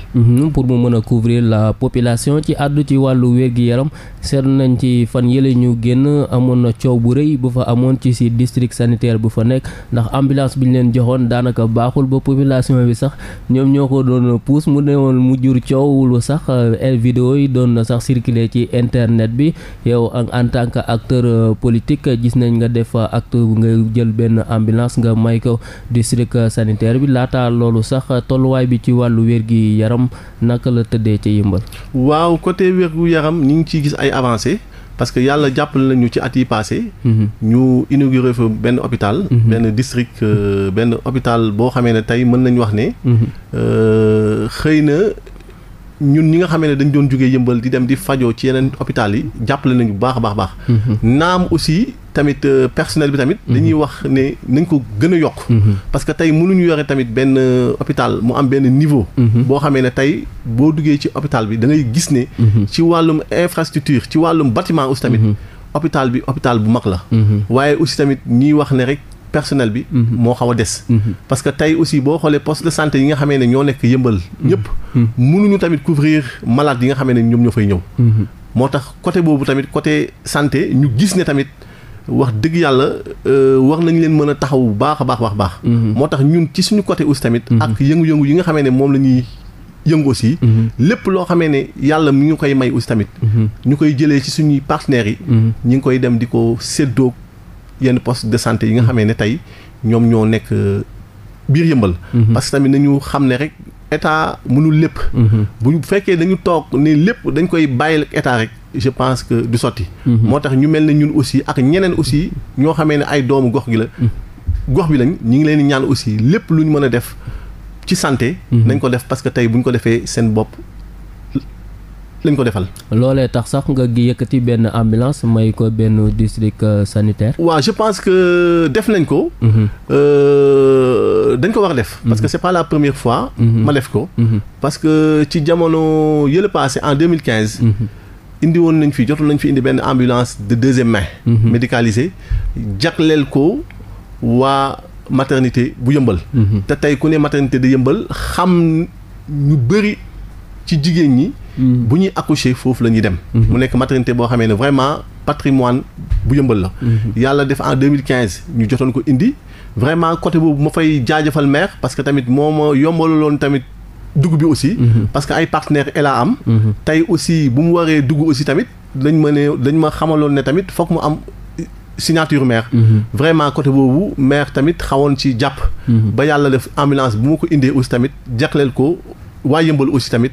pour mu mën a couvrir la population ci àddu ci wàllu wér-gi-yaram seet nañ ci fan yële ñu génn amoon na coow bu rëy bu fa amoon ci si district sanitaire bu fa nekk ndax ambulance bi ñu leen joxoon daanaka baaxul ba population bi sax ñoom ñoo ko doon puus mu ne woon mu jur coowul sax sax euh, ay vidéo yi doon na sax circuler ci internet bi yow en tant que acteur euh, politique gis nañ nga def euh, acte nga jël benn ambulance nga may ko district sanitaire bi laata loolu sax tolluwaay bi ci wàllu wér-gi yaram naka la tëddee ci yëmbal waaw côté wér-gu yaram ñu ngi ciy gis ay avancé parce que yàlla jàppale nañu ci ati yi passé mhm. ñu inauguré fa benn hôpital mhm. benn district benn hôpital boo xamee ne tey mën nañ wax ne mhm. xëy na ñun ñi nga xamee ne dañu doon jógee yëmbal di dem di fajoo ci yeneen hôpital yi jàppale nañu bu baax a baax baax mhm. naam aussi tamit euh, personnel bi tamit mhm. dañuy wax ne nañ ko gën a yokk mhm. parce que tey ñu yore tamit benn euh, hôpital mu am benn niveau boo xamee ne tey boo duggee ci hôpital bi dangay ngay gis ne ci wàllum infrastructure ci wàllum batiment aussi tamit hôpital bi hôpital bu mag la waaye aussi tamit ñuy wax ne rek personnel bi. Mhm. moo xaw a des. Mhm. parce que tey aussi boo xoolee poste de santé yi nga xamee ne ñoo nekk yëmbal. ñëpp mhm. mënuñu tamit couvrir malade yi nga boobu tamit côté santé ñu gis ne tamit. wax dëgg yàlla euh, war nañ leen mën a taxaw baax a baax baax moo tax ñun ci suñu côté aussi tamit ak yëngu-yëngu yi nga xamee ne moom la ñuy yëngu aussi lépp loo xamee ne yàlla mi ngi koy may aussi tamit ñu koy jëlee ci suñuy partenaires yi ñu ngi koy dem di ko séddoo yenn poste de santé yi nga xamee ne tey ñoom ñoo nekk euh, biir yëmbal mhm. parce que tamit nañu xam ne rek état mënul lépp mhm. bu fekkee dañu toog ne lépp dañ koy bàyyil état rek je pense que du sotti mhm. moo tax ñu mel ne ñun aussi ak ñeneen aussi ñoo xamee ne ay doomu gox gi la gox bi lañ ñu ngi leen di ñaan aussi lépp lu ñu mën a def ci santé nañ ko def parce que tey bu ñu ko defee seen bopp lañ ko defal. loolee tax sax nga yëkkati benn ambulance may ko benn district euh, sanitaire. waaw je pense que def nañ ko. Mhm. Euh, dañ ko wax def. parce que mhm. c'est pas la première fois. Mhm. ma def ko. parce que ci jamono yële passé en 2015. indi woon nañ fi jotoon nañ fi indi benn ambulance de deuxième main. médicalisée jagleel ko waa maternité bu yëmbal. te tey ku ne maternité di yëmbal xam ñu bëri. ci jigéen ñi. Mm-hmm. bu ñuy accoucher foofu la ñuy dem. Mm-hmm. mu nekk maternité boo xamee ne vraiment patrimoine bu yëmbal la. Mm-hmm. yàlla def en 2015 ñu jotoon ko indi. vraiment côté boobu ma fay jaajëfal maire parce que tamit moo ma yombaloon tamit. dugg bi aussi mm parce que ay partenaire ela am mm tey aussi bu mu waree dugg aussi tamit dañ ma ne dañ ma xamaloon ne tamit foog mu am signature maire mm -hmm. vraiment côté boobu maire tamit xawoon ci jàpp ba yàlla def ambulance bu ma ko indee aussi tamit jagleel ko waa yëmbal aussi tamit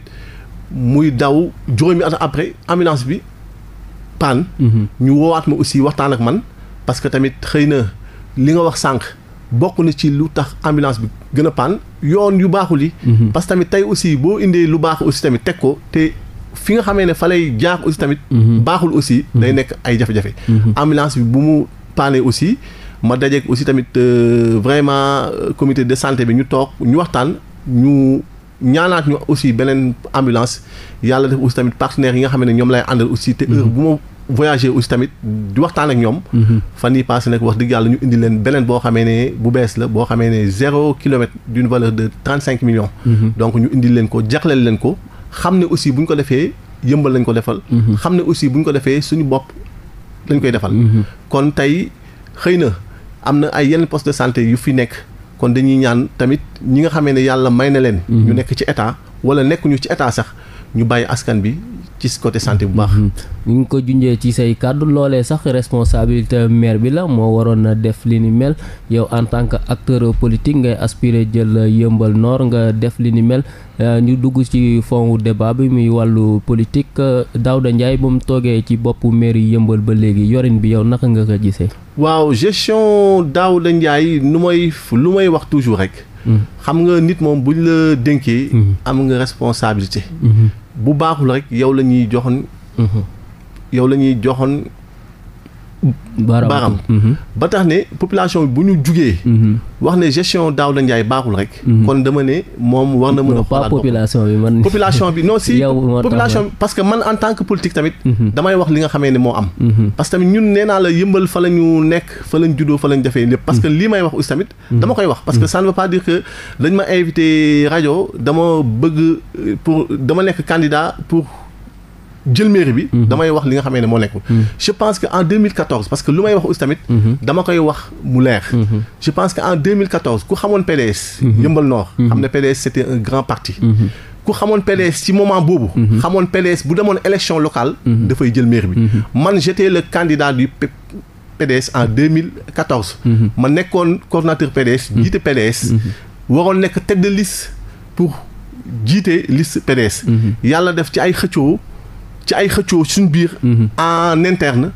muy daw juróomi at après ambulance bi panne. Mhm. ñu woowaat ma aussi waxtaan ak man parce que tamit xëy na li nga wax sànq bokk na ci lu tax ambulance bi gën a panne yoon yu baaxul yi. Mhm. parce que tamit tey aussi boo indee lu baax aussi tamit teg ko te. fi nga xamee ne fa lay jaar aussi tamit mhm. baaxul aussi day nekk ay jafe-jafe ambulance bi bu mu paanee aussi ma dajeek aussi tamit euh, vraiment euh, comité de santé bi ñu toog ñu waxtaan ñu ñaanaat ñu aussi beneen ambulance yàlla def aussi tamit partenaires yi nga xam ne ñoom lay àndal aussi te heure bu ma voyager aussi tamit di waxtaan ak ñoom mhm. fan yi passé nag wax dëgg yàlla ñu indi leen beneen boo xamee ne bu bees la boo xamee ne zéro kilomètre d'une valeur de trente cinq millions mhm. donc ñu indi leen ko jaxleel leen ko xam ne aussi bu ñu ko defee yëmbal lañ ko defal mhm. xam ne aussi bu ko defee suñu bopp lañ koy defal kon tey xëy na am na ay yenn poste de santé yu fi nekk kon dañuy ñaan tamit ñi nga xamee ne yàlla may na leen. Mhm. ñu nekk ci état wala nekkuñu ci état sax ñu bàyyi askan bi ci côté santé bu baax. Mhm. ñu ngi ko junjee ci say kàddu loolee sax responsabilité maire bi la moo waroon a def li ni mel yow en tant que acteur politique ngay aspirer jël yëmbal noor nga def li ni mel euh, ñu dugg ci fond débat bi muy wàllu politique Daouda Ndiaye ba mu toogee ci boppu maire yi yëmbal ba léegi yorin bi yow naka nga ko gisee. waaw gestion Daouda Ndiaye nu may lu may wax toujours rek. Mhm. xam nga nit moom buñ la dénkee. Mhm. am nga responsabilité. bu baaxul rek yow la ñuy joxoon mm-hmm. yow la ñuy joxoon baaraam mhm. ba tax ne population bi bu ñu jugee. Mhm. wax ne gestion Daouda Ndiaye baaxul rek. Mhm. kon dama ne moom war na mën a. xoolaat population bi bi non si population parce que man en tant que politique tamit. damay wax li nga xamee ne moo am. parce que tamit ñun nee la yëmbal fa la nekk fa la juddoo fa la defee lépp. parce que lii may wax aussi tamit. dama koy wax parce que ça ne pas dire que dañ ma invité rajo dama bëgg euh, pour dama nekk candidat pour. jël mairie bi. Mhm. damay wax li nga xamee ne moo nekkul. Mhm. je pense que en 2014 parce que lu may wax aussi tamit. Mhm. dama koy wax mu leer. je pense que en 2014 ku xamoon PDS. yëmbal Nord. xam ne PDS c' était un grand parti. ku xamoon PDS ci moment boobu. xamoon PDS bu demoon élection local dafay jël maire bi. man j' étais le candidat du PDS en 2014. ma nekkoon coordonnateur PDS. jiite PDS. waroon nekk tête de liste pour jiite liste PDS. yàlla def ci ay xëccoo. ci ay xëccoo suñ biir. Mhm. en interne.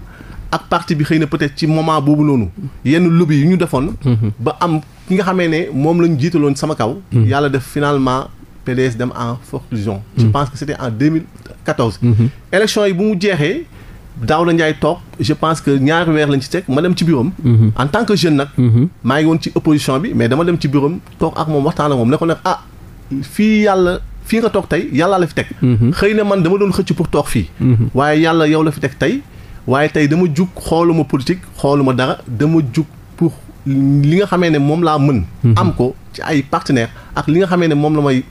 ak parti bi xëy na peut-être ci moment boobu noonu yenn lobby yu ñu defoon. Mhm. ba am ki nga xamee ne moom lañu jiitaloon sama kaw. Mhm. yàlla def finalement PDS dem en forclusion. je pense que c'était en 2014. élection yi bu mu jeexee Daouda Ndiaye toog je pense que ñaari weer lañ ci teg ma dem ci bureau en tant que jeune nag. maa ngi woon ci opposition bi mais dama dem ci bureau am toog ak moom waxtaan ak moom ne ko nag ah fii yàlla fii nga toog tey yàllaa la fi teg. Mhm. xëy na man dama doon xëcc pour toog fii. Mhm. waaye yàlla yow la fi teg tey. waaye tey dama jug xooluma politique xooluma dara dama jug pour li nga xamee ne moom laa mën. Mhm. am ko ci ay partenaires ak li nga xamee ne moom la may.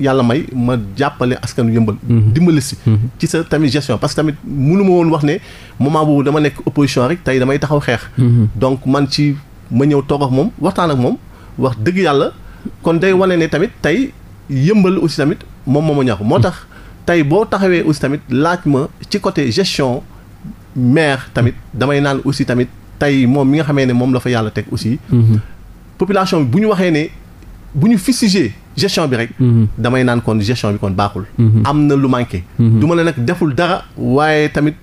yàlla may ma jàppale askanu yëmbal dimbali si ci sa tamit gestion parce que tamit mënu ma woon wax ne moment boobu dama nekk opposition rek tey damay taxaw xeex donc man ci ma ñëw toog ak moom waxtaan ak moom wax dëgg yàlla kon day wane ne tamit tey yëmbal aussi tamit moom moo ma moo tax tey boo taxawee aussi tamit laaj ma ci côté gestion maire tamit damay naan aussi tamit tey moom mi nga xamee ne moom la fa yàlla teg aussi. Mhm. population bi bu ñu waxee ne bu ñu fustigé gestion bi rek. Mhm. damay naan kon gestion bi kon baaxul. Mhm. am na lu manqué. du ma ne nag deful dara waaye tamit.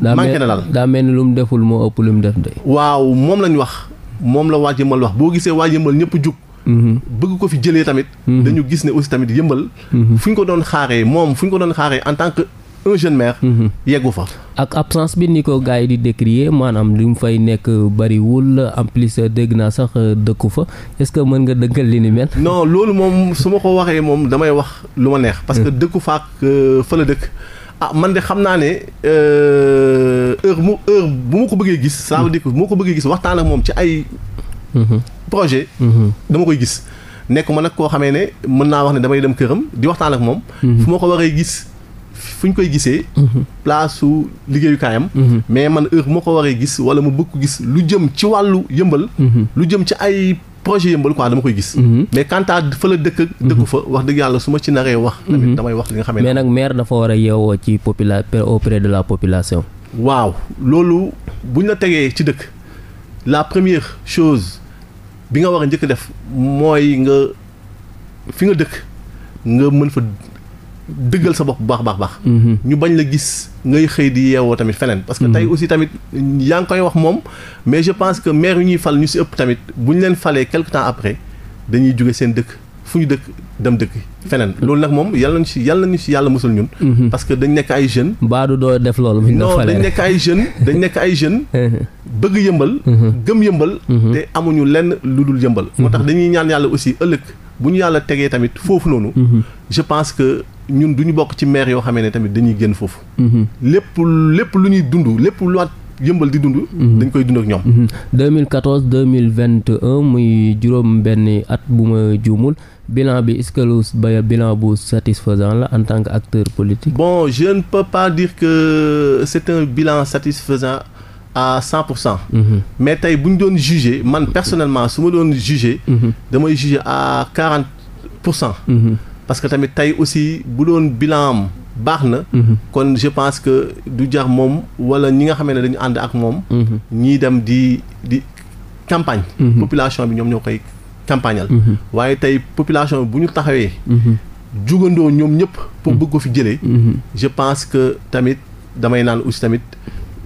manqué na laal daa mel ni lu mu deful moo ëpp lu mu def tey. waaw moom lañ wax moom la waa Jëmbal wax boo gisee waa Jëmbal ñëpp jug. Mm-hmm. bëgg ko fi jëlee tamit mm-hmm. dañu gis ne aussi tamit yëmbal mm-hmm. fu ñu ko doon xaaree moom fu ñu ko doon xaaree en tant que un jeune maire yeggu fa ak absence bi ni ko gars yi di décrier maanaam li mu fay nekk bariwul en plus dégg naa sax dëkku fa est-ce que mën nga dëggal li ni mel non loolu moom su ma ko waxee moom damay wax lu ma neex parce que dëkku faak euh, fa la dëkk ah man de xam naa ne euh, heure mu heure bu ma ko bëggee gis ça veut bu ma ko bëggee gis waxtaan ak moom ci ay Mhm. projet. Mhm. dama koy gis nekk ma nag koo xamee ne mën naa wax ne damay dem këram di waxtaan ak moom. Mhm. fu ma ko waree gis fu ñu koy gisee. place su liggéeyukaayam. mais man heure bu ko waree gis wala mu bëgg ko gis lu jëm ci wàllu yëmbal. lu jëm ci ay. projet yëmbal quoi dama koy gis mais quant fa la dëkk dëkku fa wax dëgg yàlla su ma ci naree wax tamit damay wax li nga xamee mais nag maire dafa war a yeewoo ci popula auprès de la population waaw loolu buñ la tegee ci dëkk la première chose bi nga war a njëkk def mooy nga fi nga dëkk nga mën fa dëggal sa bopp bu baax baax baax. Mhm. ñu bañ la gis ngay xëy di yeewoo tamit feneen. parce que mhm. tey aussi tamit yaa ngi koy wax moom. mais je pense que maire yu ñuy fal ñu si ëpp tamit bu ñu leen falee quelque temps après dañuy jóge seen dëkk fu ñu dëkk dem dëkk. feneen loolu nag moom yàlla nañu si yàlla nañu si yàlla musal ñun mhm. parce que dañ nekk ay jeunes baadu doo def loolu non dañ nekk ay jeunes nekk ay jeunes bëgg yëmbal mhm. gëm yëmbal mhm. te amuñu lenn lu dul yëmbal moo tax dañuy ñaan yàlla aussi ëllëg bu ñu yàlla tegee tamit foofu noonu je pense que ñun du ñu bokk ci maire yoo xamee ne tamit dañuy génn foofu lépp lépp lu ñuy dund lépp lu yëmbal di dund. dañ koy dund ak ñoom. 2014 2021 muy juróom benn at bu ma juumul. bilan bi est-ce que lu ba bilan bu satisfaisant la en tant qu'acteur politique. bon je ne peux pas dire que c'est un bilan satisfaisant à cent pour cent. Mhm. mais tey bu ñu doon juger man personnellement su ma doon juger. Mhm. damay juger à quarante pour cent. Mhm. parce que tamit tey aussi bu doon bilan baax na. kon je pense que du jar moom wala ñi nga xam ne dañu ànd ak moom. ñii dem di di campagne. population bi ñoom ñoo koy. campagnal mhm. waaye tey population bu ñu taxawee mhm. jugandoo ñoom ñëpp pour mhm. bëgg ko fi jëlee je pense que tamit damay naan aussi tamit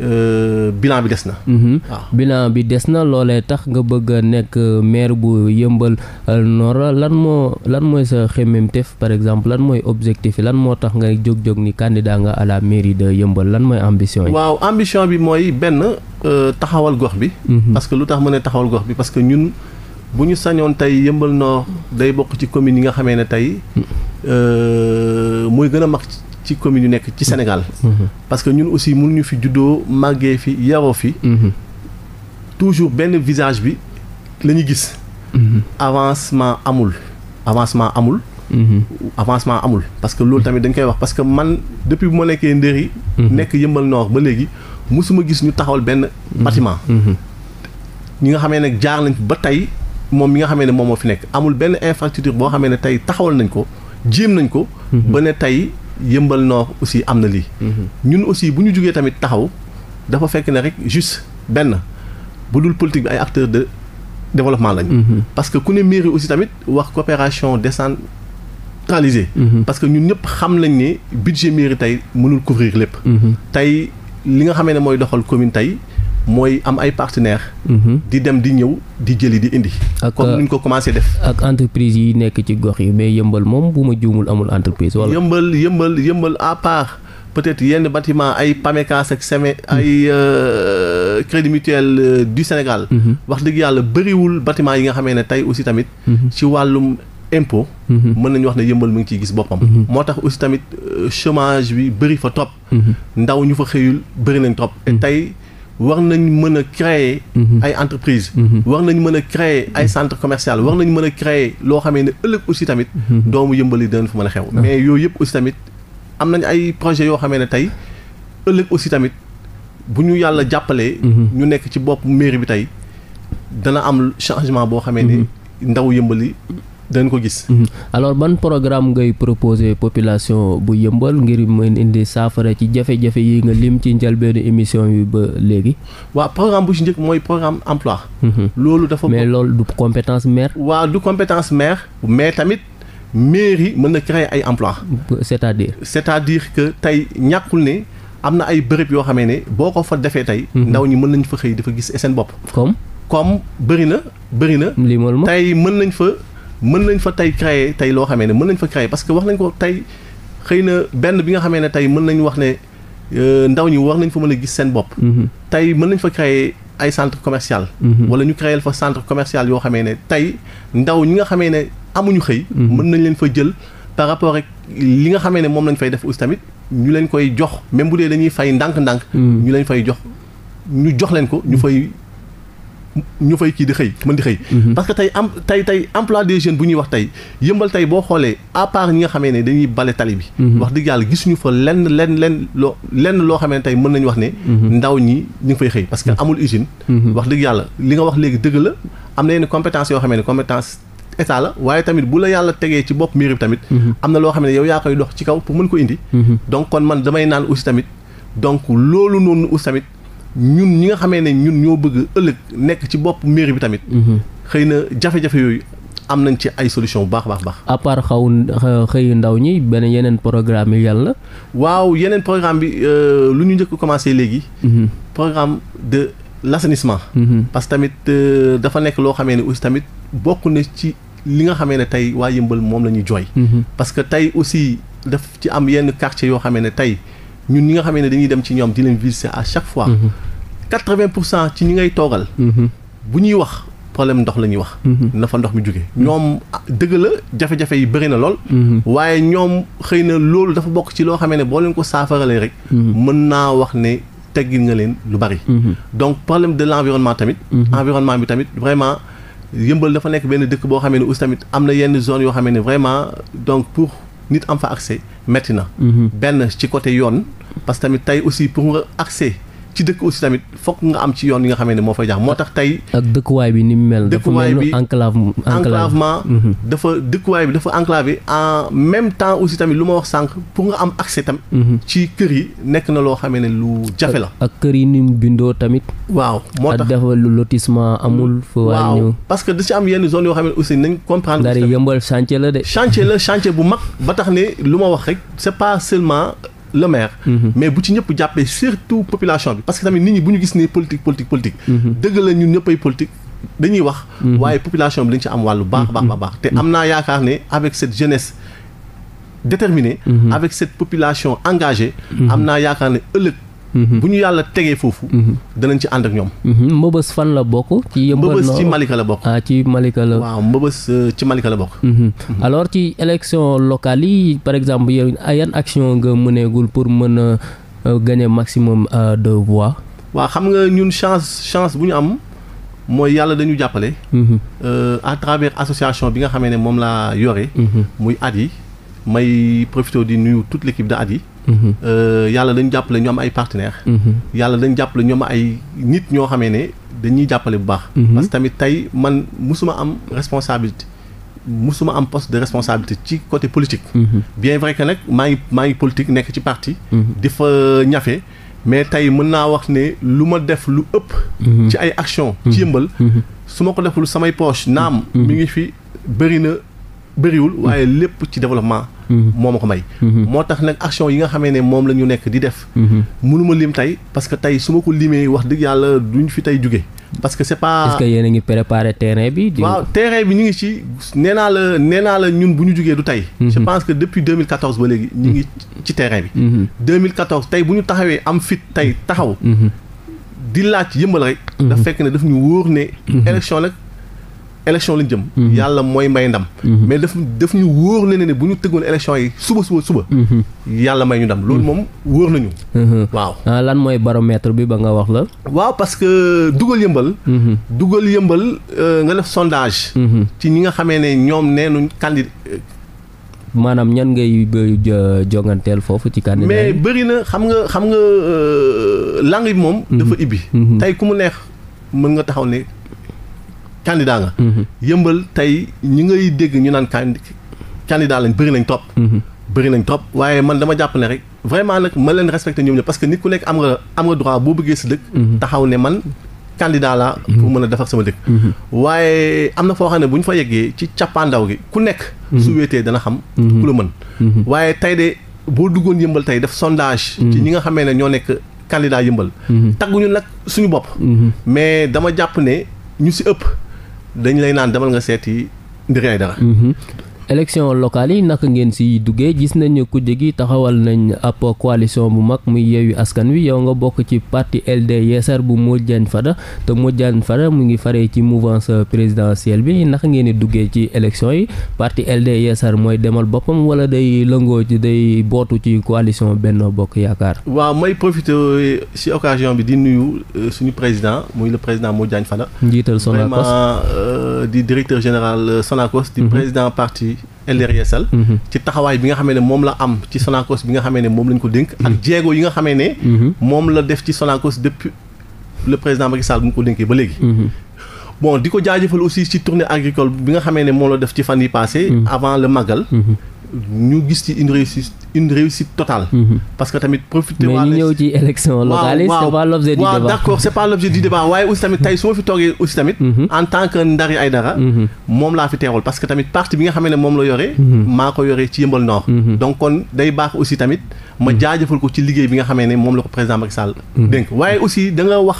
Euh, bilan bi des na. Mm bilan bi des na loolee tax nga bëgg a nekk euh, maire bu yëmbal euh, Nord lan moo lan mooy sa xemmemteef par exemple lan mooy objectif yi lan moo tax nga jóg jóg ni candidat nga à la mairie de yëmbal lan mooy ambition yi. waaw ambition bi mooy benn euh, taxawal gox bi. Mm lu tax ma taxawal gox bi parce ñun. bu ñu sañoon tey yëmbal noo day bokk ci commune yi nga xamee ne tey euh, mooy gën a mag ci commune yu nekk ci Sénégal parce que ñun aussi ñu fi juddoo màggee fi yaroo fi toujours benn visage bi la ñu gis avancement amul avancement amul avancement amul parce que loolu tamit dañ koy wax parce que man depuis bu ma nekkee ndëri nekk yëmbal noor ba léegi musuma gis ñu taxawal benn bâtiment mhm. ñi nga xamee nag jaar nañ ba tey moom mi nga xamee ne moom moo fi nekk amul benn infrastructure boo xamee ne tey taxawal nañ ko jéem nañ ko mhm. ba ne tey yëmbal noo aussi am na lii mhm. ñun aussi bu ñu jugee tamit taxaw dafa fekk ne rek juste benn bu dul politique bi ay acteurs de développement lañu mhm. parce que ku ne mairie aussi tamit wax coopération décentralisée parce que ñun ñëpp xam nañ ne budget mairie tey mënul couvrir lépp tey li nga xamee ne mooy doxal commune tey mooy am ay partenaires. Mhm. di dem di ñëw di jëli di indi. comme euh, ni ñu ko commencé def. ak entreprise yi nekk ci gox yi mais yëmbal moom bu ma juumul amul entreprise. wala yëmbal yëmbal yëmbal à part peut-être yenn batiment ay PAMECAS ak SEME mhm. ay euh, Crédit Mutuel euh, du Sénégal. Mhm. wax dëgg yàlla bëriwul bâtiment yi nga xamee ne tey aussi tamit. ci wàllum. impo mën nañu wax ne yëmbal mu ngi ciy gis boppam moo tax aussi tamit chômage bi bëri fa trop ndaw ñu fa xëyul bëri nañ trop et Mhm. Mhm. war nañ mën a créer ay entreprise war nañ mën mhm. a créer ay centre commercial war nañ mën a créer loo xamee ne ëllëg aussi tamit doomu yëmbali dinañ fa mën a xew ah. mais yooyu yëpp aussi tamit am nañ ay projet yoo xamee ne tey ëllëg aussi tamit bu ñu yàlla jàppalee ñu nekk ci bopp mairie bi tey dana am changement boo xamee ni ndaw yëmbali dañ ko gis. Mhm. alors ban programme ngay proposer population bu yëmbal ngir mën indi saafara ci jafe-jafe yi nga lim ci njëlbeenu émission yi ba léegi. waaw programme bu ci njëkk mooy programme emploi. Mhm. loolu dafa. mais loolu du compétence maire. waa du compétence maire mais tamit. mairie mën na créer ay emploi c'est-à-dire c'est-à-dire que tey ñàkkul ne am na ay bërëb yoo xamee ne boo ko fa defee tey mhm. ndaw ñi mën nañ fa xëy dafa gis seen bopp comme comme bëri mën nañ fa tey créer tey loo xamee ne mën nañ fa créer parce que wax nañ ko tey xëy na benn bi nga xamee ne tey mën nañ wax ne euh, ndaw ñi war nañ fa mën a gis seen bopp mm-hmm. tey mën nañ fa créer ay centre commercial mm-hmm. wala ñu créer fa centre commercial yoo xamee ne tey ndaw ñi nga xamee ne amuñu xëy mm-hmm. mën nañ leen fa jël par rapport ak li nga xamee ne moom lañ fay def aussi tamit ñu leen koy jox même bu dee dañuy fay ndànk-ndànk ñu leen fay jox ñu jox leen ko ñu fay ñu fay kii di xëy mën di xëy mhm. parce que tey am tey tey emploi des jeunes bu ñuy wax tey yëmbal tey boo xoolee à part ñi nga xamee ne dañuy bale tali bi mhm. wax dëgg yàlla gisuñu fa lenn lenn lenn loo lenn loo xamee tey mën nañu wax ne mhm. ndaw ñi ñu fay xëy parce que amul usine wax dëgg yàlla li nga wax léegi dëgg la am na yenn compétence yoo xamee ne compétence état la waaye tamit bu la yàlla tegee ci bopp mairie bi tamit am na loo xam ne yow yaa koy dox ci kaw pour mën ko indi donc kon man damay naan aussi tamit donc loolu noonu aussi tamit ñun ñi nga xamee ne ñun ñoo bëgg ëllëg nekk ci bopp mairie bi tamit. Mhm. xëy na jafe-jafe yooyu am nañ ci ay solution bu baax baax baax. à part xaw xëyu ndaw ñi beneen yeneen programme yi yàlla. waaw yeneen programme bi euh, lu ñu njëkk commencé léegi. Mhm. programme de l' assainissement. Mhm. parce que tamit euh, dafa nekk loo xamee ne aussi tamit bokk na ci li nga xamee ne tey waa yëmbal moom la ñuy jooy. parce que tey aussi daf ci am yenn quartier yoo xamee ne tey. ñun ñi nga xamee ne dañuy dem ci ñoom di leen visiter à chaque fois. Mm-hmm. quatre vingt pour cent ci ñi ngay toogal. Mm-hmm. bu ñuy wax problème ndox la ñuy wax. Mm-hmm. na fa ndox mi jóge ñoom ah, dëgg la jafe-jafe yi bëri na lool. waaye ñoom xëy na loolu dafa bokk ci loo xamee ne boo leen ko saafaralee rek. mën naa wax ne. teggil nga leen lu bari. donc problème de l' tamit. environnement bi tamit vraiment yëmbal dafa nekk benn dëkk boo xamee ne aussi tamit am na yenn zone yoo xamee ne vraiment donc pour nit am fa accès metti na. benn ci côté yoon. parce que tamit tey aussi pour nga accès ci dëkk aussi tamit fokk nga am ci yoon yi nga xamee ne moo fay jaax moo tax tey. ak dëkkuwaay bi ni mu mel. dëkkuwaay bi enclave enclavement. Mhm. dafa dëkkuwaay bi dafa enclavé en même temps aussi tamit lu ma wax sànq pour nga am accès tam. Mhm. ci kër yi nekk na loo xamee ne lu jafe la. ak kër yi ni mu bindoo tamit. waaw moo tax dafa lu lotissement amul. waaw ñu parce que da ci am yenn zone yoo xam ne aussi nañ comprendre. daal di yëmbal chantier la de. chantier la chantier bu mag ba tax ne lu ma wax rek c'est pas seulement. le maire. Mm-hmm. mais bu ci ñëpp jàppee surtout population bi parce que tamit nit ñi bu ñu gis ne politique politique politique. Mm-hmm. dëgg la ñun ñëppay politique. dañuy wax. Mm-hmm. waaye population bi dañ ci am wàllu baax baax baax te am naa yaakaar ne avec cette jeunesse déterminée. avec cette population engagée. am naa yaakaar ne ëllëg. Mm-hmm. bu ñu yàlla tegee foofu. Mm-hmm. danañ ci ànd ak ñoom. Mm-hmm. mbëbës fan la bokk. ci yëmbal mbëbës ci Malika la bokk. ah ci Malika la. waaw mbëbës euh, ci Malika la bokk. alors ci élection locale yi par exemple yow yan action nga mëneegul pour mën a euh, gagner maximum euh, de voix. waa xam nga ñun chance chance bu ñu am. mooy yàlla dañu jàppale. à travers association bi nga xamee ne moom laa yore. muy at yi. may profité di nuyu toute l'équipe de Adi mhm. euh, yàlla dañu jàppale ñu am ay partenaires mhm. yàlla dañu jàppale ñoo am ay nit ñoo xamee ne dañuy jàppale bu baax mhm. parce tamit tey man mosuma am responsabilité mosuma am poste de responsabilité ci côté politique bien vrai que nag maa ngi maa ngi politique nekk ci parti di fa ñafe mais tey mën naa wax ne lu ma def lu ëpp ci ay action ci yëmbal su ma ko deful samay poche naam mi ngi fi bëri na bëriwul hmm. waaye lépp ci développement hmm. moo ma ko may hmm. moo tax nag action yi nga xamee ne moom la ñu nekk di def mënuma lim tey parce que tey su ma ko limee wax dëgg yàlla duñ fi tey jóge parce que c'est a ngi préparé terrain bi waaw terrain bi du tey je tey bu ñu taxawee am fit tey taxaw di laaj yëmbal rek. dafa fekk ne daf ñu wóor ne élection nag élection la jëm mhm. yàlla mooy may ndam mhm. mais daf daf ñu wóor ne ne bu ñu tëggoon élection yi suba suba suba mhm. yàlla may ñu ndam loolu moom wóor nañu waaw ah, lan mooy baromètre bi ba nga wax la waaw parce que dugal yëmbal dugal yëmbal euh, nga def sondage ci ñi nga xamee ne ñoom neenuñ candidat maanaam ñan ngay jonganteel foofu ci candidat mais bëri na xam nga xam nga euh, langue bi moom dafa ibbi tey ku mu neex mën nga taxaw ne candidat nga. Mhm. yëmbal tey ñi ngay dégg ñu naan candidat lañ bëri nañ trop. Mhm. bëri nañ trop waaye man dama jàpp ne rek vraiment nag ma leen respecté ñoom ñëpp parce que nit ku nekk am nga am nga droit boo bëggee si mhm. man a defar sama dëkk. waaye am na foo xam ne bu ñu fa yeggee ci cappaandaw gi ku nekk. su wéetee dana xam. ku la mën. de boo duggoon yëmbal tey def sondage. ñi nga xamee ne ñoo nekk candidat yëmbal. tagguñu nag suñu bopp. mais dama jàpp ne ñu si ëpp. dañ lay naan demal nga seeti Ndeye Aidara. Mm-hmm. élection locale yi naka ngeen si duggee gis nañ kujje gi taxawal nañ ab coalition bu mag muy yeewu askan wi yow nga bokk ci parti LD Yeesal bu Modou Diagne Fada te Modou Diagne Fada mu ngi faree ci mouvance présidentielle bi naka ngeen di duggee ci élection yi parti LD Yeesal mooy demal boppam wala day lëngoo ci day bootu ci coalition benn Bokk Yaakaar. waaw may profité si occasion bi di nuyu euh, suñu président muy le président Modou Diagne Fada. njiital Sonacos vraiment euh, di directeur général Sonacos. di mhm. président LDR Yeesal mm-hmm. ci taxawaay bi nga xamee ne moom la am ci Sonacos bi nga xamee ne moom lañ ko dénk ak mm-hmm. jéego yi nga xamee ne mm-hmm. moom la def ci Sonacos depuis le président Macky Sall bu ko dénkee ba léegi bon di ko jaajëfal aussi ci tournée agricole bi nga xamee ne moom la def ci fan yi passé avant le màggal ñu gis ci une réussite une réussite totale. Mhm. parce que tamit profité. waa mais ñu ñëw ci élection locale. waaye aussi tamit tey su ma fi toogee aussi tamit. Mhm. en tant que Ndari Aidara. Mhm. moom laa fi teewal parce que tamit parti bi nga xam ne moom la yore. maa ko ci liggéey bi nga xamee ne moom la ko président Macky Sall. dénk waaye aussi da nga wax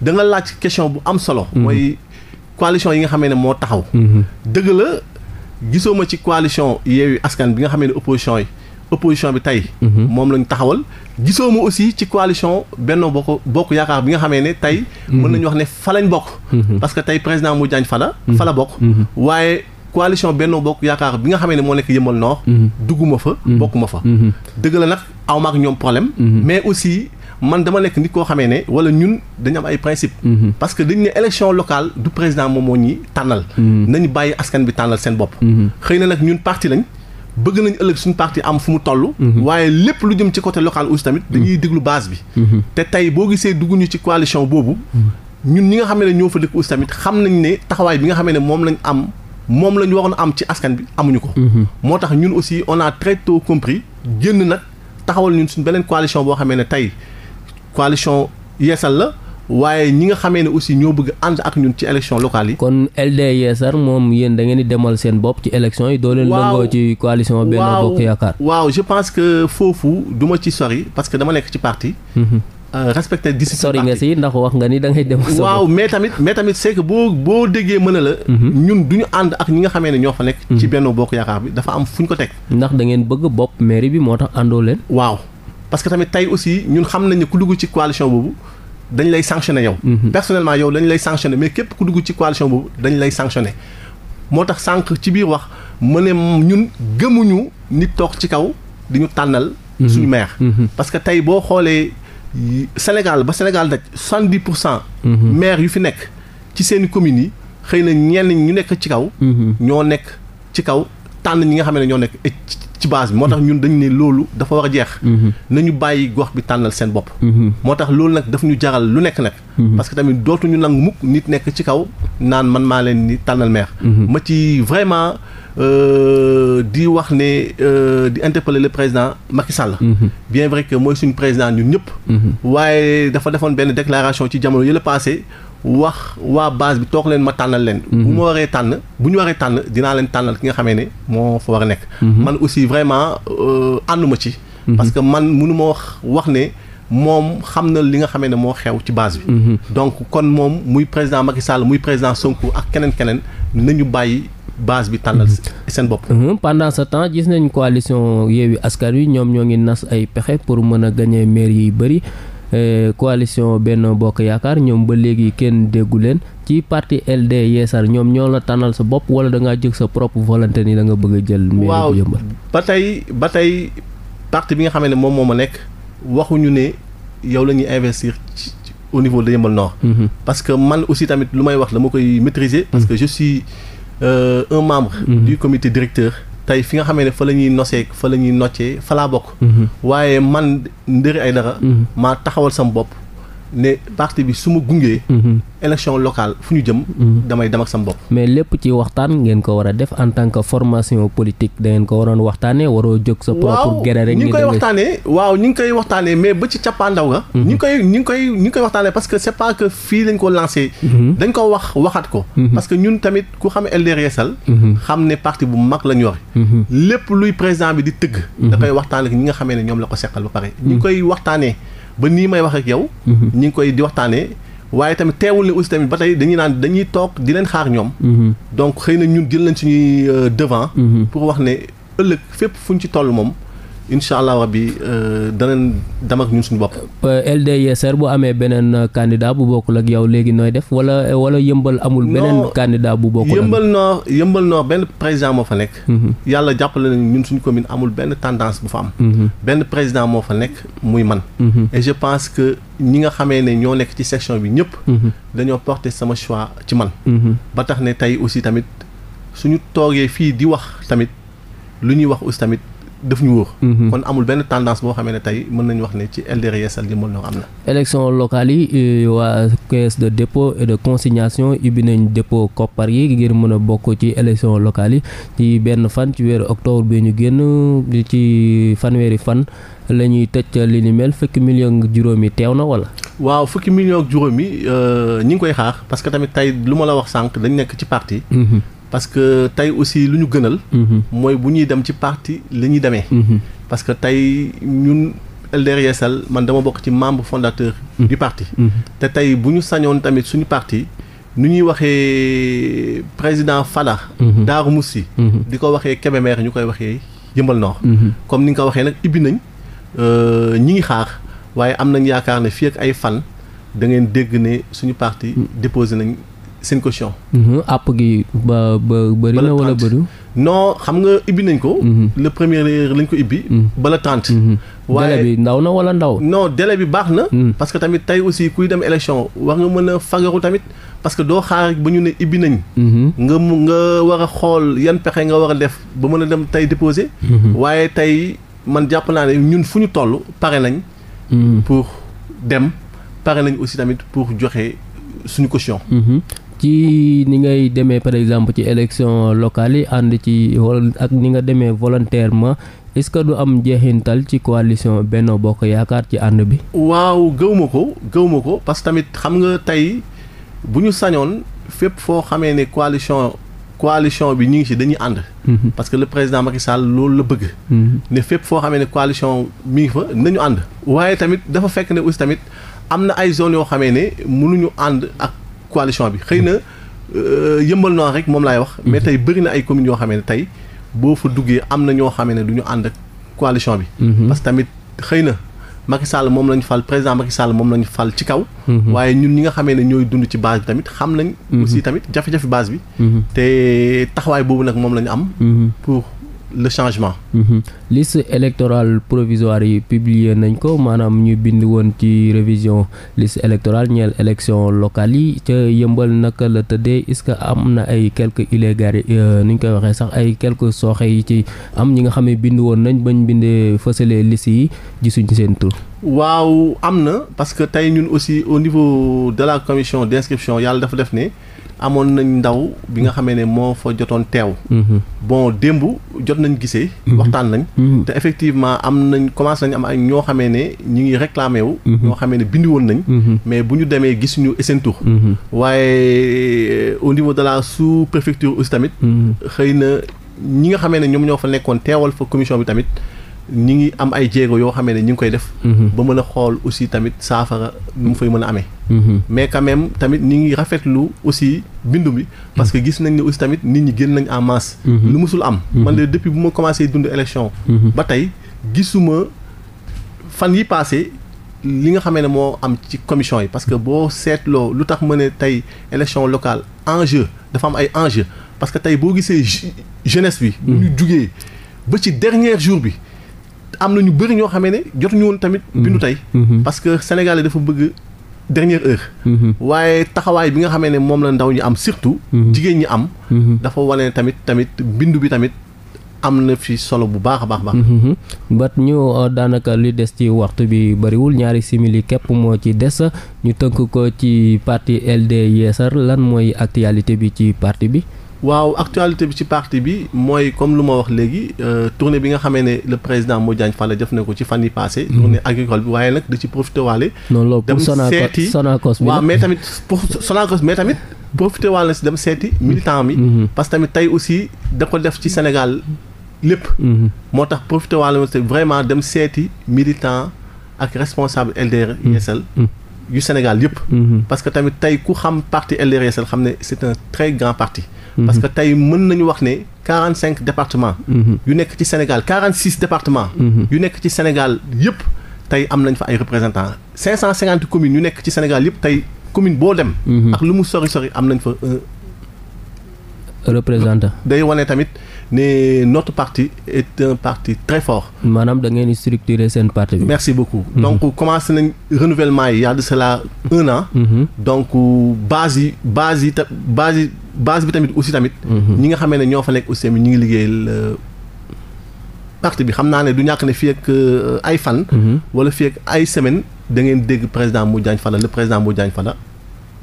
da nga laaj question bu am solo. mooy coalition yi nga xamee ne moo taxaw. dëgg la. gisoo ma ci coalition Yewwi Askan bi nga xamee ne opposition yi opposition bi tey. Mhm. moom lañ taxawal. gisoo ma aussi ci coalition Benno Bokk Bokk Yaakaar bi nga xamee ne tey. Mhm. mën nañu wax ne fa lañ bokk. Mhm. parce que tey président Modou jaañ fa la. fa la bokk. waaye coalition Benno Bokk Yaakaar bi nga xamee ne moo nekk Yeumbeul Nord. dugguma fa bokkuma fa. dëgg la nag aw ma ak ñoom problème. mais aussi. man dama nekk nit koo xamee ne wala ñun dañu am ay principe mhm. parce que dañ ne élection locale du président moom moo ñuy tànnal mhm. nañ bàyyi askan bi tànnal seen bopp mhm. xëy na nag ñun parti lañ bëgg nañ ëllëg suñu parti am fu mu toll waaye lépp lu jëm ci côté local aussi tamit dañuy déglu base bi te tey boo gisee dugg ci coalition boobu ñun ñi nga xam ne ñoo fa dëkk aussi tamit xam nañ ne taxawaay bi nga xam ne moom lañ am moom lañ waroon am ci askan bi amuñu ko moo tax ñun aussi on a très tôt compris génn nag taxawal ñun suñ beneen coalition boo xamee ne tey coalition yeesal la waaye ñi nga xamee ne aussi ñoo bëgg ànd ak ñun ci élection locale yi. kon LD Yeesal moom yéen da ngeen di demal seen bopp ci élection yi. doo leen lëngoo ci coalition Benno Bokk Yaakaar. waaw je pense que foofu du ma ci sori parce que dama nekk ci parti. Mhm. Euh, respecté discipline sori nga si ndax wax nga ni da ngay dem. waaw mais tamit mais tamit c'est boo boo déggee mën a la. Mhm. ñun du ñu ànd ak ñi nga xamee ne ñoo fa nekk. ci mhm. benn Bokk Yaakaar bi dafa am fu ñu ko teg. ndax da ngeen bëgg bopp mairie bi moo tax àndoo leen. waaw. parce que tamit tey aussi ñun xam nañu ku dugg ci coalition boobu dañ lay sanctionné yow. Mhm. personnellement yow dañ lay sanctionné mais képp ku dugg ci coalition boobu dañ lay sanctionné. moo tax sànq ci biir wax mu ne ñun gëmuñu nit toog ci kaw di ñu tànnal. Mhm. suñu maire. Mhm. parce que tey boo xoolee Sénégal ba Sénégal daj soixante-dix pour cent. maire yu fi nekk ci seen communes yi xëy na ñenn ñu nekk ci kaw. ñoo nekk ci kaw. tànn ñi nga xam ne ñoo nekk ci base bi moo tax ñun dañu ne loolu dafa war a jeex mhm. nañu bàyyi gox bi tànnal seen bopp mhm. moo tax loolu nag daf ñu jaral lu nekk nag mhm. parce que tamit dootuñu nangu mukk nit nekk ci kaw naan man maa leen ni tànnal maire ma ci vraiment euh, di wax ne euh, di interpeller le président Macky Sall bien vrai que mooy suñu président ñun ñëpp waaye dafa defoon benn déclaration ci jamono yële passé wax waa base bi toog leen ma tànnal leen. Mhm. bu ma waree tànn bu ñu waree tànn dinaa leen tànnal ki nga xamee ne moo fa war a nekk. Mhm. man aussi vraiment euh, ànduma ci. Mhm. parce que man mënu ma wax wax ne. moom xam na li nga xamee ne moo xew ci base bi. Mm -hmm. donc kon moom muy président Macky Sall muy président Sonko ak keneen keneen na ñu bàyyi base bi tàllal seen bopp. Mm pendant ce temps gis nañ coalition Yewwi Askan Wi ñoom ñoo ngi nas ay pexe pour mën a gagner maire yi bëri. Eh, coalition benn Bokk Yaakaar ñoom ba léegi kenn déggu leen ci parti LD Yeesal ñoom ñoo la tànnal sa bopp wala da ngaa jóg sa propre volonté ni danga bëgg a jël. waaw ba tey ba tey parti bi nga xam ne moom moo ma nekk waxuñu ne yow la ñuy investir ci au niveau de Yeumbeul Nord. Mhm. parce que man aussi tamit lu may wax dama koy maîtriser. parce mhm. que je suis euh, un membre. Mhm. du comité directeur. tey fi nga xamee ne fa la ñuy nosee fa la ñuy noccee fa laa bokk. Mm-hmm. waaye man ay dara mm-hmm. maa taxawal sam bopp. ne parti bi su ma gungee. Mhm. élection locale fu ñu jëm. Mhm. damay dem ak sam bopp. mais lépp ci waxtaan ngeen ko war a def en tant que formation politique da ngeen ko waroon waxtaanee waroo jóg sa propre guerre rek. ñu ngi koy waxtaanee waaw ba ci cappaandaw ga. Mhm. ñu ngi koy ñu ngi koy ñu ko lancé. dañ ko ko. parce que ñun tamit ku xam LDR Yeesal. ne parti bu mag la ñu yore. lépp luy président bi di tëgg. da koy waxtaan ak ñi nga xamee ne ñoom la ko seqal ba pare. ñu ngi koy waxtaanee. ba nii may wax ak yow. Mhm. ñu ngi koy di waxtaanee. waaye tamit teewul ne aussi tamit ba tey dañuy naan dañuy toog di leen xaar ñoom. Mhm. donc xëy na ñun jël nañ suñuy euh, devant. Mhm. pour wax ne ëllëg fépp fuñ ci toll moom. incha allah rabbi bi euh, dem ak ñun suñ bopp. Euh, LDSR bu amee beneen euh, candidat bu bokkul ak yow léegi nooy def wala wala yëmbal amul. beneen candidat bu bokk ak yëmbal nord yëmbal nord benn président moo fa nekk. Mhm. yàlla jàppale nañu ñun suñu commune amul benn tendance bu fa am. Mhm. benn président moo fa nekk muy man. Mhm. et je pense que ñi nga xamee ne ñoo nekk ci section bi ñëpp. dañoo porter sama choix ci man. ba tax ne tey aussi tamit suñu toogee fii di wax tamit ñuy wax aussi daf ñu wóor. Mhm. kon amul benn tendance boo xamee ne tey mën nañu wax ne ci LDR Yeesal li mën na am na. élection locale yi euh, waa caisse de dépôt et de consignation ubbi nañu dépôt koppar yi ngir mën a bokk ci élection locale yi ci benn fan ci weeru octobre bi ñu génn ci fanweeri fan la ñuy tëj li ni mel fukki million juróomi teew na wala. waaw fukki million ak juróomi euh, ñi ngi koy xaar parce que tamit tey lu ma la wax sànq dañu nekk ci parti. Mhm. parce que tey aussi lu ñu gënal. Mhm. mooy bu ñuy dem ci parti li ñuy demee. Mhm. parce que tey ñun LDR Yeesal man dama bokk ci membre fondateur. Mhm. du parti. te tey bu ñu sañoon tamit suñu parti. nu ñuy waxee président fala Darou Moussi. di ko waxee Kébémer ñu koy waxee Jëmbal Nord. comme ni nga ko waxee nag ibbi nañ euh, ñi ngi xaar waaye am nañ yaakaar ne fii ak ay fan da ngeen dégg ne suñu parti mm. déposé nañ. seen caution. Mhm, àpp gi ba ba bëri na wala bëri. non xam nga ibbi nañ ko. Mhm. le premier lañ ko ibbi. Mhm. bala trente. waaye délai bi ndaw na wala ndaw. non délai bi baax na. parce que tamit tey aussi kuy dem élection wax nga mën a fagaru tamit parce que doo xaar ba ñu ne ibbi nañ. nga mu nga war a xool yan pexe nga war a def ba mën a dem tey déposer. waaye tey man jàpp naa ne ñun fu ñu toll pare nañ. pour dem pare nañ aussi tamit pour joxe. suñu caution ci ni ngay demee par exemple ci élection locale yi ànd ci wala ak ni nga demee volontairement est-ce que du am jeexintal ci coalition Benno Bokk Yaakaar ci ànd bi. waaw gëw ma ko gëw ma ko parce que tamit xam nga tey bu ñu sañoon fépp foo xamee ne coalition. coalition bi ñu ngi ci dañuy ànd mhm. parce que le président Macky Sall loolu la bëgg mhm. ne fépp foo xamee ne coalition mi ngi fa nañu ànd waaye tamit dafa fekk ne aussi tamit am na ay zones yoo xamee ne mënuñu ànd ak coalition bi xëy na euh, yëmbal noor rek moom laay wax. mais mhm. tey bëri na ay communes yoo xam ne tey boo fa duggee am na ñoo xam ne du ñu ànd ak coalition bi. Mhm. parce tamit xëy na Macky Sall moom lañu fal président Macky Sall moom lañu fal ci kaw. Mhm. waaye ñun ñi nga xamee ne ñooy dund ci base bi tamit xam nañ. aussi tamit jafe-jafe base bi. te taxawaay boobu nag moom lañu am. pour le changement. Mhm. liste électorale provisoire yi publier nañ ko maanaam ñu bind woon ci révision liste électorale ñeel élection locale yi ca yëmbal naka la tëddee est-ce que am na ay quelques illégalités euh, ni ñu koy waxee sax ay quelques sooxe yi ci am ñi nga xam ne bind woon nañ bañ bindee fësalee liste yi gisuñ seen tur. waaw am na parce que tey ñun aussi au niveau de la commission d'inscription yàlla dafa def ne. amoon nañ ndaw bi nga xamee ne moo fa jotoon teew. Mhm. bon démb jot nañ gisee. Mhm. waxtaan nañ. Mhm. te effectivement am nañ commencé nañ am ay ñoo xamee ne ñu ngi réclamé wu. ñoo xamee ne bindi woon nañ. mais bu ñu demee gis ñu seen waaye euh, au niveau de la sous préfecture aussi tamit. xëy na ñi nga xamee ne ñoom ñoo fa nekkoon teewal fa commission bi tamit. ñi ngi am ay jéego yoo xamee ne ñi ngi koy def mhm. ba mën a xool aussi tamit saafara nu mu fay mën a amee mhm. mais quand même tamit ñi ngi rafetlu aussi bindu bi parce que mhm. gis nañ ne aussi tamit nit ñi génn nañu en masse lu mosul am man de depuis bu ma commencé dund élection ba tey gisuma fan yi passé li nga xamee ne moo am ci commission yi parce que boo seetloo lu tax ma ne tey élection locale enjeu dafa am ay enjeu parce que tey boo gisee jeunesse bi. ñu jugee ba ci dernier jour bi. am na ñu bëri ñoo xamee ne jotuñu woon tamit. Mhm. bindu tey. Mhm. parce que sénégalais dafa bëgg dernière heure. Mhm. waaye taxawaay bi nga xamee ne moom la ndaw ñi am surtout. jigéen ñi am. dafa wane tamit tamit bindu bi tamit. am na fi solo bu baax a baax baax. bat ñu euh, daanaka li des ci waxtu bi bëriwul ñaari simili képp moo ci des ñu tënk ko ci parti LD lan mooy actualité bi ci parti bi. waaw actualité bi ci parti bi mooy comme lu ma wax léegi euh, tournée bi nga xamee ne le président mu Madiagne Fada def na ko ci fan yi passé mhm. tournée agricole bi waaye nag da ci profité waale dem seeti waaw mais tamit pour Sonacos mais tamit profité waale na si dem seeti militant mi mhm. parce que tamit tey aussi da ko def ci Sénégal lépp mhm. moo tax profité waale na vraiment dem seeti militant ak responsable LDR Yessal yu Sénégal yëpp parce que tamit tey ku xam parti LDR Yessal xam ne c'est un très grand parti Mhm. parce que tey mën nañu wax ne quarante cinq départements mhm. yu nekk ci Sénégal quarante six départements mhm. yu nekk ci Sénégal yëpp tey am nañ fa ay représentants cinq cent cinquante communes yu nekk ci Sénégal yëpp tey commune boo dem ak lu mu sori sori am nañ fa représentant day wane tamit ne notre parti est un parti très fort. maanaam da ngeen di structurer seen parti bi. merci beaucoup. Mhm. donc commencé nañ renouvellement yi y a de un an. Mhm. donc base yi base yi ta base yi base bi tamit aussi tamit. Mhm. ñi nga xamee ne ñoo fa nekk aussi tamit ñi ngi liggéeyal. Euh, parti bi xam naa ne du ñàkk ne fii ak euh, ay fan. wala fi ak ay semaine da ngeen dégg président Madiagne Fada le président mu Madiagne fana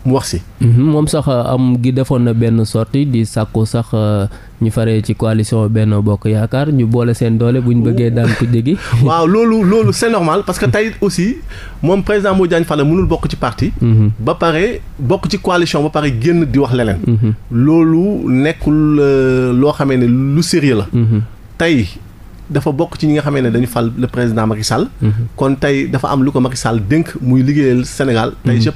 mu wax si. Mhm, moom sax euh, am gi defoon na benn sortie di sàkku sax euh, ñu faree ci coalition benn bokk yaakaar ñu boole seen doole bu ñu bëggee daan ko jéggi. waaw loolu loolu c'est normal parce que tey aussi moom président Modou Diagne Fada mënul bokk ci parti. Mhm. ba pare bokk ci coalition ba pare génn di wax leneen. Mhm. loolu nekkul euh, loo xamee ne lu sérieux la. tey. dafa bokk ci ñi nga xamee ne dañu fal le président Macky Sall. kon tey dafa am lu ko Macky Sall dénk muy liggéeyal Sénégal. tey je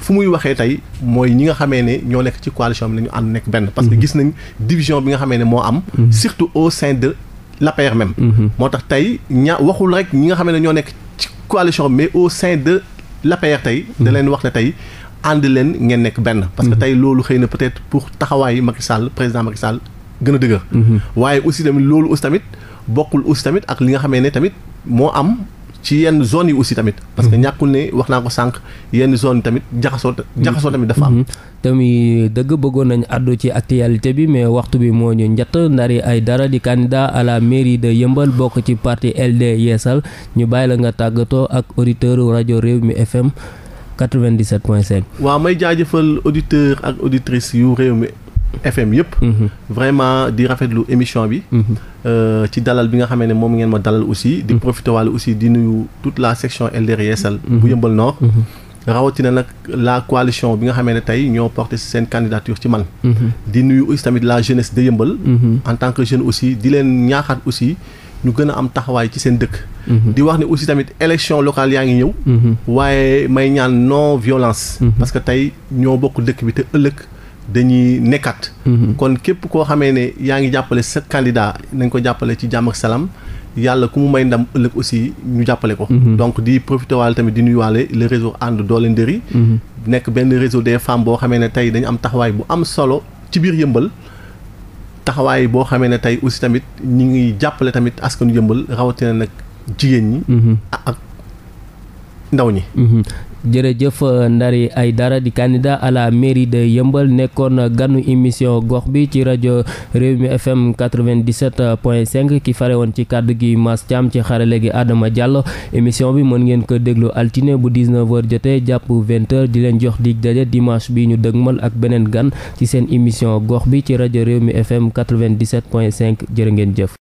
fu muy waxee tey mooy ñi nga xamee ne ñoo nekk ci coalition bi nañu ànd nekk benn parce que mhm. gis nañ division bi nga xamee ne moo am mhm. surtout au sein de l'APR même mhm. moo tax tey ña waxul rek ñi nga xamee ne ñoo nekk ci coalition mais au sein de l'APR tey da leen wax ne tey ànd leen ngeen nekk benn parce que tey loolu xëy na peut-être pour taxawaayu Macky Sall président Macky Sall gën a dëgër waaye aussi tamit loolu aussi tamit bokkul aussi tamit ak li nga xamee ne tamit moo am ci yenn zone yi aussi tamit. parce que hmm. ñàkkul ne wax naa ko sànq yenn zone tamit jaxasoo hmm. jaxasoo tamit dafa am. Hmm. tamit dëgg bëggoon nañ àddu ci actualité bi mais waxtu bi moo ñu njëtt Ndary Aidara di candidat à la mairie de Yeumbeul bokk ci parti LD Yeesal ñu bàyyi la nga tàggatoo ak auditeur rajo réew mi FM 97.5. waaw may jaajëfal auditeur ak auditrice yu Rewmi FM yëpp. Mhm. vraiment di rafetlu émission bi. Mhm. Euh, ci dalal bi nga xamee ne moom ngeen ma dalal aussi. di mhm. profité wàllu aussi di nuyu toute la section LDR Yeesal. bu Yeumbeul Nord. rawatina nag la coalition bi nga xamee ne tey ñoo porté seen candidature ci man. di nuyu aussi tamit la jeunesse de Yeumbeul. en tant que jeune aussi di leen ñaaxaat aussi. ñu gën a am taxawaay ci seen dëkk. di wax ne aussi tamit élection locale yaa ngi ñëw. waaye may ñaan non violence. parce que tey ñoo bokk dëkk bi dañuy nekkat. Mhm. kon képp koo xamee ne yaa ngi jàppale sa candidat nañ ko jàppale ci jàmm ak salaam. yàlla ku mu may ndam ëllëg aussi ñu jàppale ko. Mhm. donc di profité waale tamit di nuyuwaale le réseau ànd doole ndëri. Mhm. nekk benn réseau des femmes boo xamee ne tey dañu am taxawaay bu am solo ci biir yëmbal. taxawaay boo xamee ne tey aussi tamit ñi ngi jàppale tamit askanu yëmbal rawatina nag jigéen ñi. ak ndaw ñi. jërëjëf Ndari dara di candidat à la mairie de yëmbal nekkoon na ganu émission gox bi ci rajo réew mi FM 97.5 ki fare woon ci kàddu gi Mass Thiam ci xarale gi Adama Diallo émission bi mën ngeen ko déglu altine bu 19h jotee jàpp 20 di leen jox di daje dimanche bi ñu dëgmal ak beneen gan ci seen émission gox bi ci rajo réew mi FM 97.5 jërë ngeen jëf.